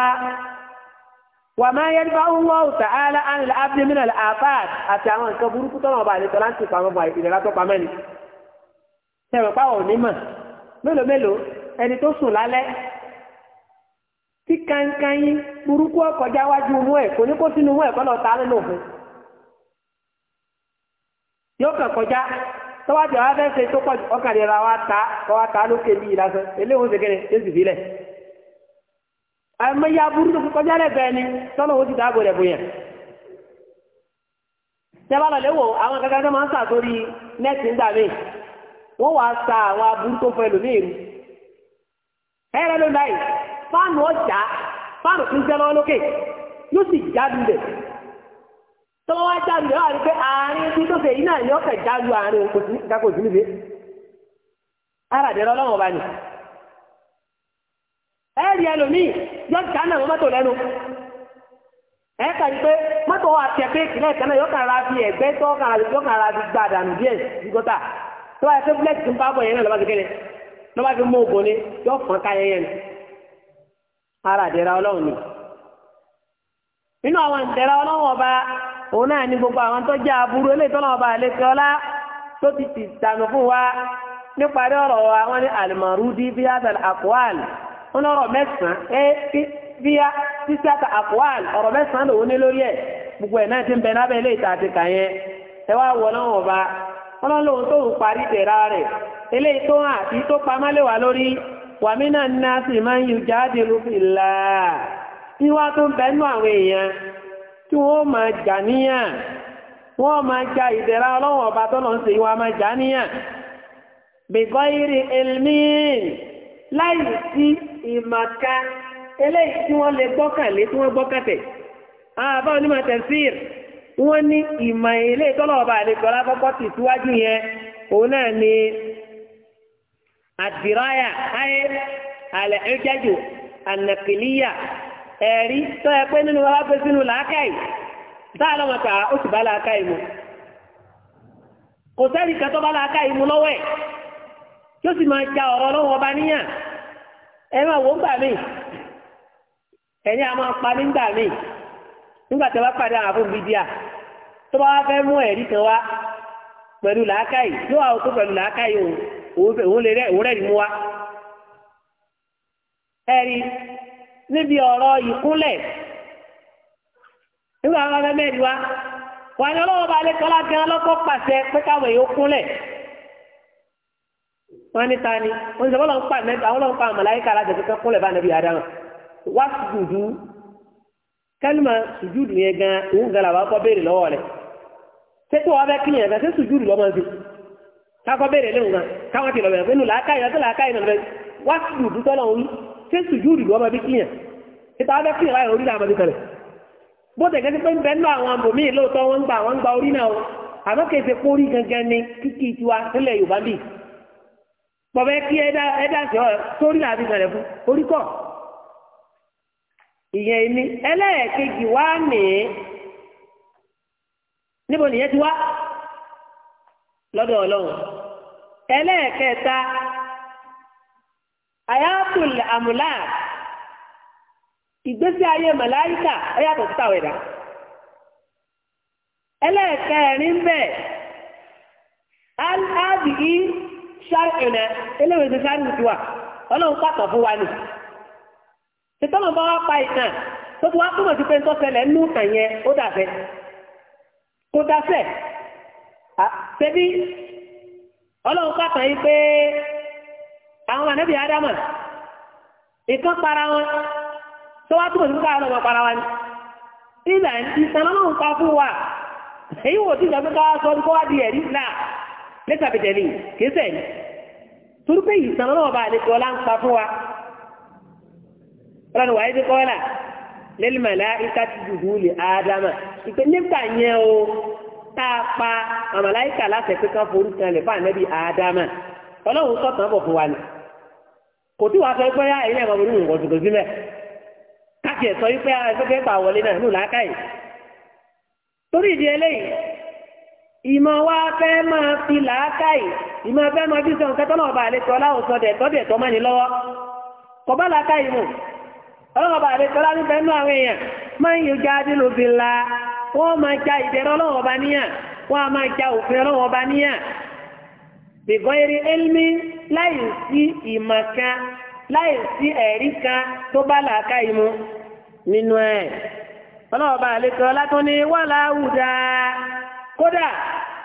wà máa yẹ nípa ń wọ́n ọ̀tà ààlà ànilà abdulmina àfáàd àti àwọn nǹkan burúkú tọ́nà ọba àlejò láti pamọ́ bọ̀ ìlera tó pamẹ́ ni. sẹ̀rọ̀ páwọ̀ onímọ̀ mélòó mélòó ẹni tó sùn lálẹ́ tí kankan yín burúkú ọkọjá wájú mú ẹ̀ kò ní kó sínú mú ẹ̀ kọ́ lọ ta nínú òfin. yóò kàn kọjá tọ́wájú àwọn afẹ́fẹ́ tó pọ̀ ọkàn àìmọye aburú tó fi kọjá lẹ́gbẹ̀ẹ́ ni tọ́nà ó ti dáàbò rẹ̀ bóyá tẹ́bá lọ léwò àwọn kankan tó máa ń sàtórí nẹ́ẹ̀tì ńgbà míì wọ́n sa àwọn aburú tó fọ ẹlòmíì rú ẹ̀rọ ló láì fáànù ọjà fáànù tó ń jẹ́ lọ́wọ́ lókè yóò sì já lulẹ̀ tọ́wọ́ wá já lulẹ̀ wà ní lu ara ẹ̀rí ẹlòmíì yọ jáná wọn mọ́tò lẹ́nu ẹ kàrí pé mọ́tò wa tẹ̀ pé ìpínlẹ̀ kan náà ra fi ẹ̀gbẹ́ tó yọkàn ra gba àdànù díẹ̀ tó wáyé pé búlẹ̀tì tó ń bá bọ̀ yẹn náà fi mú ni yọ fọ́n ká yẹn yẹn ni ara àdẹ̀ra ọlọ́run ni nínú àwọn ni gbogbo àwọn tó jẹ́ aburú eléyìí tó náà ọba ó ní ọ̀rọ̀ mẹ́sàn-án ẹ bí a títí àtà àkùwàl ọ̀rọ̀ mẹ́sàn-án lòun ní lórí ẹ̀ gbogbo ẹ̀ náà ti ń bẹ lábẹ́ ilé ìta àti kàyẹ ẹ wá wọ náà wọ̀ bá wọn lọ lóun tó ń parí tẹ̀ra rẹ̀ eléyìí tó hàn àti tó pamọ́ lè wà lórí wàmínà náà sì máa ń yù jáde lùfìlà ní wá tó ń bẹnu àwọn èèyàn tí wọ́n máa jà níyàn wọ́n máa ja ìdẹ̀ra ọlọ́wọ̀n ọba tó lọ́n sí máa jà níyàn bìgọ́ ìrì láì sí ìmàka eléyìí tí wọ́n lè gbọ́kànlé tí wọ́n gbọ́kàtẹ̀ àbá onímọ̀ tẹ̀síìr wọ́n ní ìmọ̀ ilé tọ́lọ́ọ̀bà àlejò alákọ́kọ́ ti síwájú yẹn òun náà ni àdìráyà ayé alẹ́ ẹ̀jẹ̀jù ànàkìlíyà ẹ̀rí tó pé nínú wàhálà pé sínú làákàyè dáa lọ́wọ́ ta ó sì bá làákàyè mu kò sẹ́ni kan tó bá làákàyè mu lọ́wọ́ ẹ̀. yóò sì máa ja ọ̀rọ̀ ọlọ́wọ́ ọba níyà ẹ máa wò ó gbà mí ẹ̀yin a máa pa mí gbà mí nígbà tí wọ́n bá pàdé àwọn fún bídíà tó bá wá fẹ́ mú ẹ̀rí kan wá pẹ̀lú làákàyè yóò wá òkú pẹ̀lú làákàyè òun lè rẹ̀ òun rẹ̀ mú wa. ẹ̀rí níbi ọ̀rọ̀ ìkúnlẹ̀ nígbà wọn fẹ́ mẹ́rin wa wà ní ọlọ́wọ́ balẹ̀ kọ́lá gan lọ́kọ́ pàṣẹ pé káwọn èèyàn kúnlẹ̀ wọ́n tani wọ́n sọ wọ́n pa mẹ́ta àwọn ọlọ́pàá màláíkà alájọ kankan kúnlẹ̀ bá nàbí adama wá sùdùdù kálímà sùdùdù yẹn gan òun gan làwọn akọ béèrè lọ́wọ́ rẹ̀ sẹ́tù wọn bẹ kíyàn gan sẹ́ sùdùdù lọ́mọ sí kakọ béèrè lẹ́wọ̀n gan káwọn ti lọ́bẹ̀ nínú làákàyè ọ̀tọ̀ làákàyè nínú bẹ wá sùdùdù tọ́lọ̀ ń sẹ́ sùdùdù lọ́mọ bí kíyàn sẹ́tù wọn bẹ kíyàn láyọ̀ orí làwọn ti kẹlẹ̀ bó tẹ̀ gẹ́gẹ́ pé ń bẹ nínú àwọn àbòmí lóòótọ́ wọ́n ń gba àwọn ń gba orí náà àmọ́ kẹsẹ̀ kórí ni kíkì tiwa nílẹ̀ Yorùbá bíi pọ̀bẹ́ kí ẹ̀dá ṣe ọ̀ sórí làbí sọ̀rẹ̀ fún oríkọ̀ ìyẹn ni ẹlẹ́ẹ̀kejì wá ní níbo nìyẹn ti wá lọ́dọ̀ ọlọ́run ẹlẹ́ẹ̀kẹta ayatul amula ìgbésí ayé màláyíkà ó yàtọ̀ sí tàwọn ẹ̀dá ẹlẹ́ẹ̀kẹrin bẹ́ẹ̀ al-adihi. ṣáàrì ẹ̀nà eléwèé ti ṣáàrì ọlọ́run pàtàn fún wa ni tìtọ́nà bá wá pa ìtàn tó ti wá túmọ̀ sí pé ńtọ́sẹ̀lẹ̀ ń yẹn ó kó ọlọ́run yìí pé àwọn ànábì ádámà para wọn tó wá túmọ̀ sí pé káwọn ọmọ para wa ni ìlànà ìtàn ọlọ́run pa fún wa èyí wò ó ti sọ pé káwọn lẹ́tà bẹ̀tẹ̀ ni kéṣẹ́ ni torí pé ìtàn náà bá àlejò ọlá ń pa fún wa ọlọ́ni wàá yẹ́dẹ́ kọ́lá lẹ́lẹ́mọ̀lá ìka ti dùdú lè ádámà ìpè nígbà yẹn o tá a pa àmàláìkà láti ẹ̀pẹ́ kan forí kan lè fáànà bíi ádámà ọlọ́run sọ̀tàn bọ̀ fún wa ni kò tí wàá fẹ́ gbọ́yà ẹ̀yìn ẹ̀mọ́ orí nǹkan tuntun sílẹ̀ káàkiri ẹ̀sọ́ yìí pé ah, ẹgbẹ́ fẹ́ gbà wọlé náà nù láákàyè torí ìdí eléyìí ìmọ̀ wa fẹ́ máa fi làákàyè ìmọ̀ fẹ́ máa fi sọ nǹkan tọ́nà ọba àlejò ọláwọ̀ sọ dẹ̀ tọ́ dẹ̀ tọ́ mọ́ni lọ́wọ́ kò bá làákàyè mu ọlọ́wọ́ ọba àlejò ọlá níbẹ̀ nú àwọn èèyàn máa ń yọjá dínlò bí la wọ́n máa ja ìdẹ̀rọ̀ ọlọ́wọ́ ọba níyàn wọ́n á máa ja òfin ọlọ́wọ́ ọba níyàn bìbọn eré elmi láì sí ìmọ̀ kan láì sí ẹ̀rí kan tó bá làákàyè mu nínú ẹ̀ ọlọ́wọ́ ọba àlejò ọlá tó ní wàhálà àwùjá kódà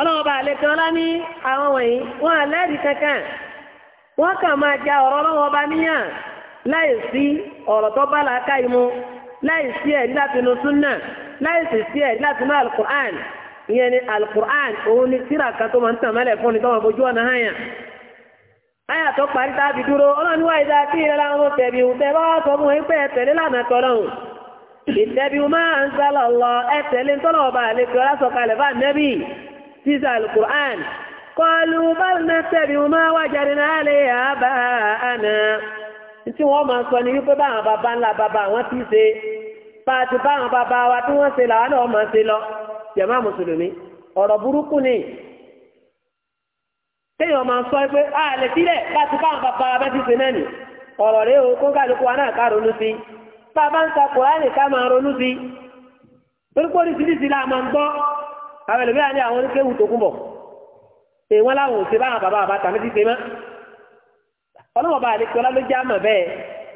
ọlọ́wọ́ bá ọlá ní àwọn wọ̀nyí wọn àlẹ́rìí kankan wọn kàn máa ọ̀rọ̀ ọlọ́wọ́ bá níyàn láì sí ọ̀rọ̀ tó bá làákà yìí mu láì sí ẹ̀rí láti inú súnà láì sì sí ẹ̀rí láti inú alukur'an ìyẹn ni alukur'an òun ni kan tó máa ń tàn mẹ́lẹ̀ fún ni tó máa fojú ọ̀nà hàn yàn. tó parí dúró, ìdá kí sísà alukur'an kọlu bálùmẹ́ tẹ̀lé wọn máa wájà ní alẹ́ àbá àná tí wọ́n máa sọ ní wípé báwọn bàbá ńlá bàbá àwọn ti ṣe pàtó báwọn bàbá wa tí wọ́n ṣe làwọn náà máa ṣe lọ jàmá mùsùlùmí ọ̀rọ̀ burúkú ni téèyàn máa sọ pé a lè sílẹ̀ láti báwọn bàbá wa bá ti ṣe náà nì ọ̀rọ̀ rẹ o kó kálukú wa náà ká ronú sí bàbá ń ta kùránì ká máa ronú sí torí pé oríṣiríṣi la máa ń gbọ́ àwọn ẹlòmíràn ní àwọn oníkéwù tó kún bọ̀ pé wọ́n láwọn ò ṣe báwọn bàbá bàbá tàbí ti ṣe mọ́ ọlọ́wọ́ bá àdékọ́ ló já mọ̀ bẹ́ẹ̀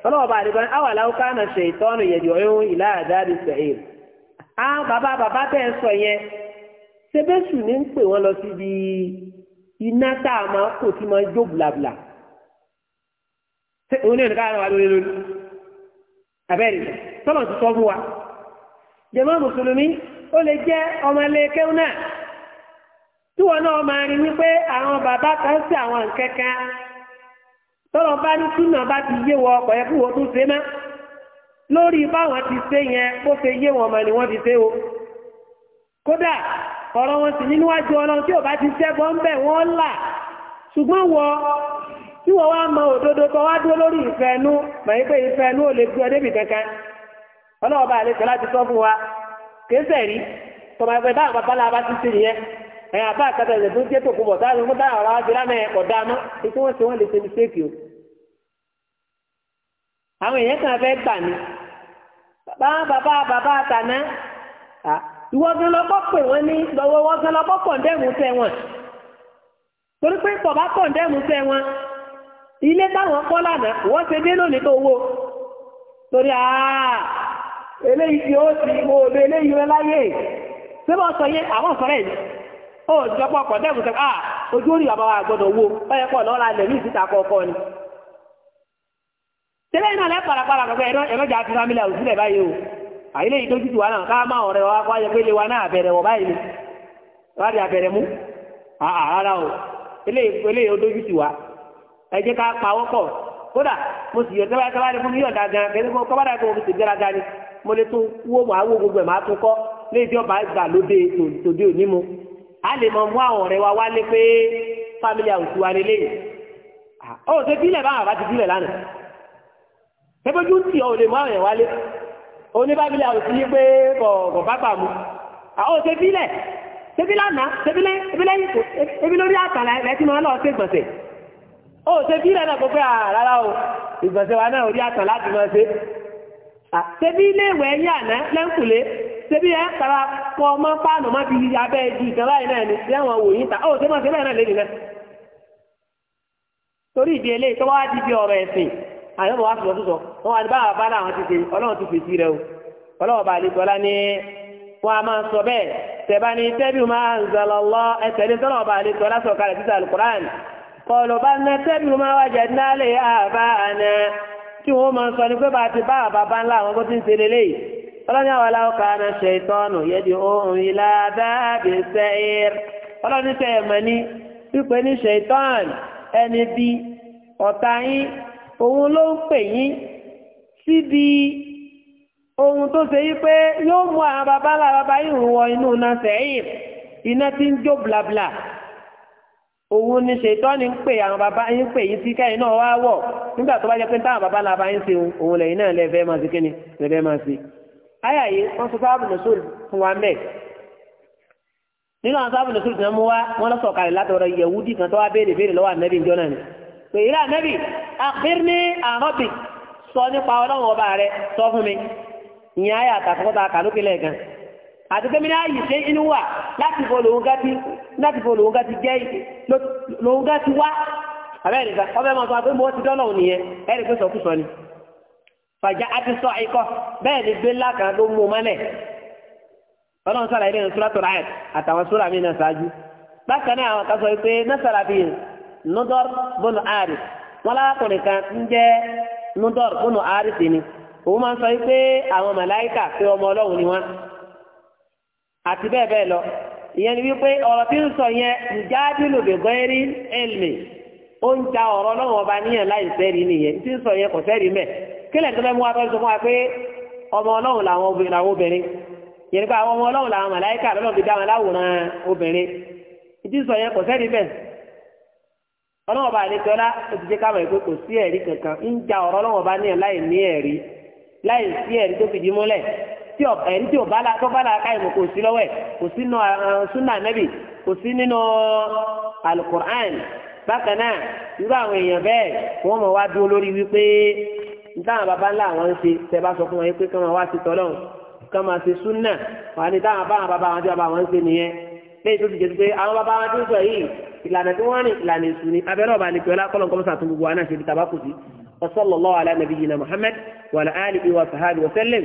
ọlọ́wọ́ bá àdékọ́ ní àwọn aláwọ̀ kánà ṣe ìtọ́nù yẹ̀dì ọ̀yún ìlà àdáàdì sẹ̀hìn àwọn bàbá bàbá tẹ̀ ń sọ yẹn sebéṣù ní ń pè wọ́n lọ síbi iná tá a máa kò tí máa jó blabla òun ní ìdíkà àwọn àlọ́ lórí abẹ́rẹ́ tọ́lọ̀ ti sọ fún wa jẹ́mọ́ ó lè jẹ́ ọmọ ilé kéwú náà tí wọn náà máa rí wípé àwọn bàbá kan sí àwọn nkẹ́kẹ́ tọ́lọ̀ bá ní túnà bá ti yé wọ ọkọ̀ yẹn kí wọ́n tún ṣe mọ́ lórí báwọn ti ṣe yẹn kó yé wọn mọ̀ ni o kódà ọ̀rọ̀ wọn sì nínú wájú ọlọ́run tí ò ti ṣẹ́ wọ tí wá mọ òdodo wá dúró lórí ìfẹ́ ẹnu mọ̀ ìfẹ́ ẹnu ò lè gbé kankan ọlọ́ọ̀bá wa kéésẹ̀ rí tọmọ ẹgbẹ́ táwọn bàbá la bá ti ṣe nìyẹn ẹ̀ àbá àkàtà ẹ̀jẹ̀ tó jẹ́ tòkùbọ̀ táwọn ọmọ táwọn ará jẹ́ lánàá ẹ̀kọ́ dáná ètò wọn ṣe wọn lè ṣe ní séèkì o. àwọn èèyàn kan fẹ́ gbà ní bàbá bàbá bàbá àtàná ìwọ gan lọ́kọ́ pè wọ́n ní lọ́wọ́ wọ́n gan lọ́kọ́ kọ̀ǹdẹ́mù tẹ wọn torí pé bàbá kọ̀ǹdẹ́mù tẹ wọn ilé táwọn kọ́ lánàá wọ́n ṣe dé lónìí tó wó torí àá eléyìí tí ó ti òòlù eléyìí rẹ láyé tí wọ́n sọ yé àwọn sọ̀rọ̀ yìí ó ti ọ̀pọ̀ ọ̀pọ̀ ah ojú orí bàbá wo ọyẹ pọ̀ lọ́la ilẹ̀ ní ìsìta kọ̀ọ̀kọ́ ni. tẹ́lẹ̀ náà lẹ́ parapara kọ̀kọ́ ẹ̀rọ ẹ̀rọ jà fi o àyè lẹ́yìn dójú o sì mo lè tún wó màá wó gbogbo ẹ̀ màá tún kọ́ ní ìdí ọba gbà lóde tòde òní mu a lè mọ mú àwọn ọ̀rẹ́ wa wálé pé family house wa nílé yìí ó ṣe bílẹ̀ báwọn àbá ti bílẹ̀ lánàá ṣébójú ń tì ọ́ ò lè mú àwọn yẹn wálé òní family house yìí pé kọ̀ bá bà mú ó ṣe bílẹ̀ ṣebí lánàá ṣebí lẹ ṣebí lẹ ṣebí lórí àkàlà ẹ ti máa lọ ṣe gbọ̀nsẹ̀ ó ṣe bílẹ̀ náà kó pé àrárá o ìgbọ̀nsẹ̀ wa náà orí àkàlà ti máa ṣe Ah, ṣebí ilé ìwẹ̀ ẹ̀yìn àná lẹ́ǹkùlé ṣebí ẹ̀ kara pọ ọmọ páànù má fi abẹ́ di ìkan báyìí náà ni ṣé àwọn wòye ta ó ṣe máa náà lẹ́yìn náà. torí ìdí eléyìí tó di bí ọ̀rọ̀ ẹ̀sìn sọ̀rọ̀ wọn ní báwa bá náà wọn ti ọlọ́run rẹ o ọlọ́run bá lè gbọ́lá ní wọn a máa sọ bẹ́ẹ̀ tẹ́bí zọlọ tí wọ́n máa sọ ní pé bá ti bá àbábá ńlá àwọn bó ti ń ṣe lélẹ́yìí ọlọ́ni àwọn aláwọ̀ká náà ṣe ìtọ́nù yẹ́dì ohun ìlà dáàbì sẹ́ẹ̀r ọlọ́ni tẹ́ ẹ̀mọ̀ ní pípé ní ṣe ìtọ́n ẹni bí ọ̀tá yín òun ló ń pè yín síbi ohun tó ṣe yí pé yóò mú àwọn bàbá ńlá bàbá yìí rú wọ inú náà sẹ́yìn iná ti ń jó blabla òun ní ṣètọ́ ní ń pè àwọn bàbá yín pè yín sí kẹ́yìn náà wá wọ̀ nígbà tó bá jẹ́ pé táwọn bàbá làbá yín ṣe òun lẹ́yìn náà lẹ́fẹ́ máa ṣe kíni lẹ́fẹ́ máa ṣe. ayà yìí wọ́n sọ sábà nùsùlù fún wa mẹ́ẹ̀. nínú àwọn sábà nùsùlù tí wọ́n mú wá wọ́n lọ́sọ̀ kalẹ̀ látọ̀rọ̀ yẹ̀wúdì kan tó wá béèrè béèrè lọ́wọ́ ànábì ìjọ náà ni. pé ìlà ànábì àkír ní àrọ́bì sọ nípa ọlọ́run ọba rẹ sọ fún mi ìyẹn láti fò lòun ti jẹ́ lòun gá ti wá àbẹ́ ẹ̀rìkà ọbẹ̀ máa ti dọ́nà òní yẹn ẹ̀rì pé sọkúsọ ni ni gbé ńlá kan ló mú mọ́lẹ̀ ọlọ́run sọ̀rọ̀ ilé ìṣúra tó ráyẹ̀ àtàwọn kan sọ pé nọ́sàrà wọn kan ń jẹ́ sí ni òun máa ń sọ pé àwọn màláìkà ọmọ ọlọ́run ni ìyẹn ni wípé ọ̀rọ̀ tí ń sọ yẹn ìjádìlù bẹ̀gọ́rí ẹ̀lmì ó ń ta ọ̀rọ̀ náà ọba níyàn láì sẹ́rí nìyẹn tí ń sọ yẹn kò sẹ́rí mẹ́ kílẹ̀ tó fẹ́ mú wa fẹ́ sọ fún wa pé ọmọ ọlọ́run làwọn obìnrin làwọn obìnrin yẹn nípa àwọn ọmọ ọlọ́run làwọn màláìkà lọ́nà fi dá wọn láwòrán obìnrin tí ń sọ yẹn kò sẹ́rí mẹ́ ọlọ́run ọba àlejòlá ó ti jẹ́ káwọn ìpè tí ọ ẹni tí ò bá la tó bá la ká ìmọ̀ kò sí lọ́wọ́ ẹ̀ kò sí nínú eh, sunna anabi kò sí nínú alukur'an bákan náà irú àwọn èèyàn bẹ́ẹ̀ wọ́n mọ̀ wá dúró lórí wípé nítawọn baba ńlá àwọn ń ṣe tẹ bá sọ fún wọn pé kí wọn wá sí tọ́lọ́run kí wọn ṣe sunna wọn ni táwọn bá wọn baba wọn tí wọn bá wọn ń ṣe nìyẹn lẹ́yìn tó ti jẹ́ pé àwọn baba wọn tó ń sọ yìí ìlànà tí wọ́n rìn ìlànà èṣù ni abẹ́rẹ́ ọba ni pẹ̀lú akọ́lọ́n kọ́mọ́sà tó gbogbo àná ṣe ibi tàbá kù sí wa sallallahu ala nabiyyina Muhammad wa ala alihi wa sahabi wa sallam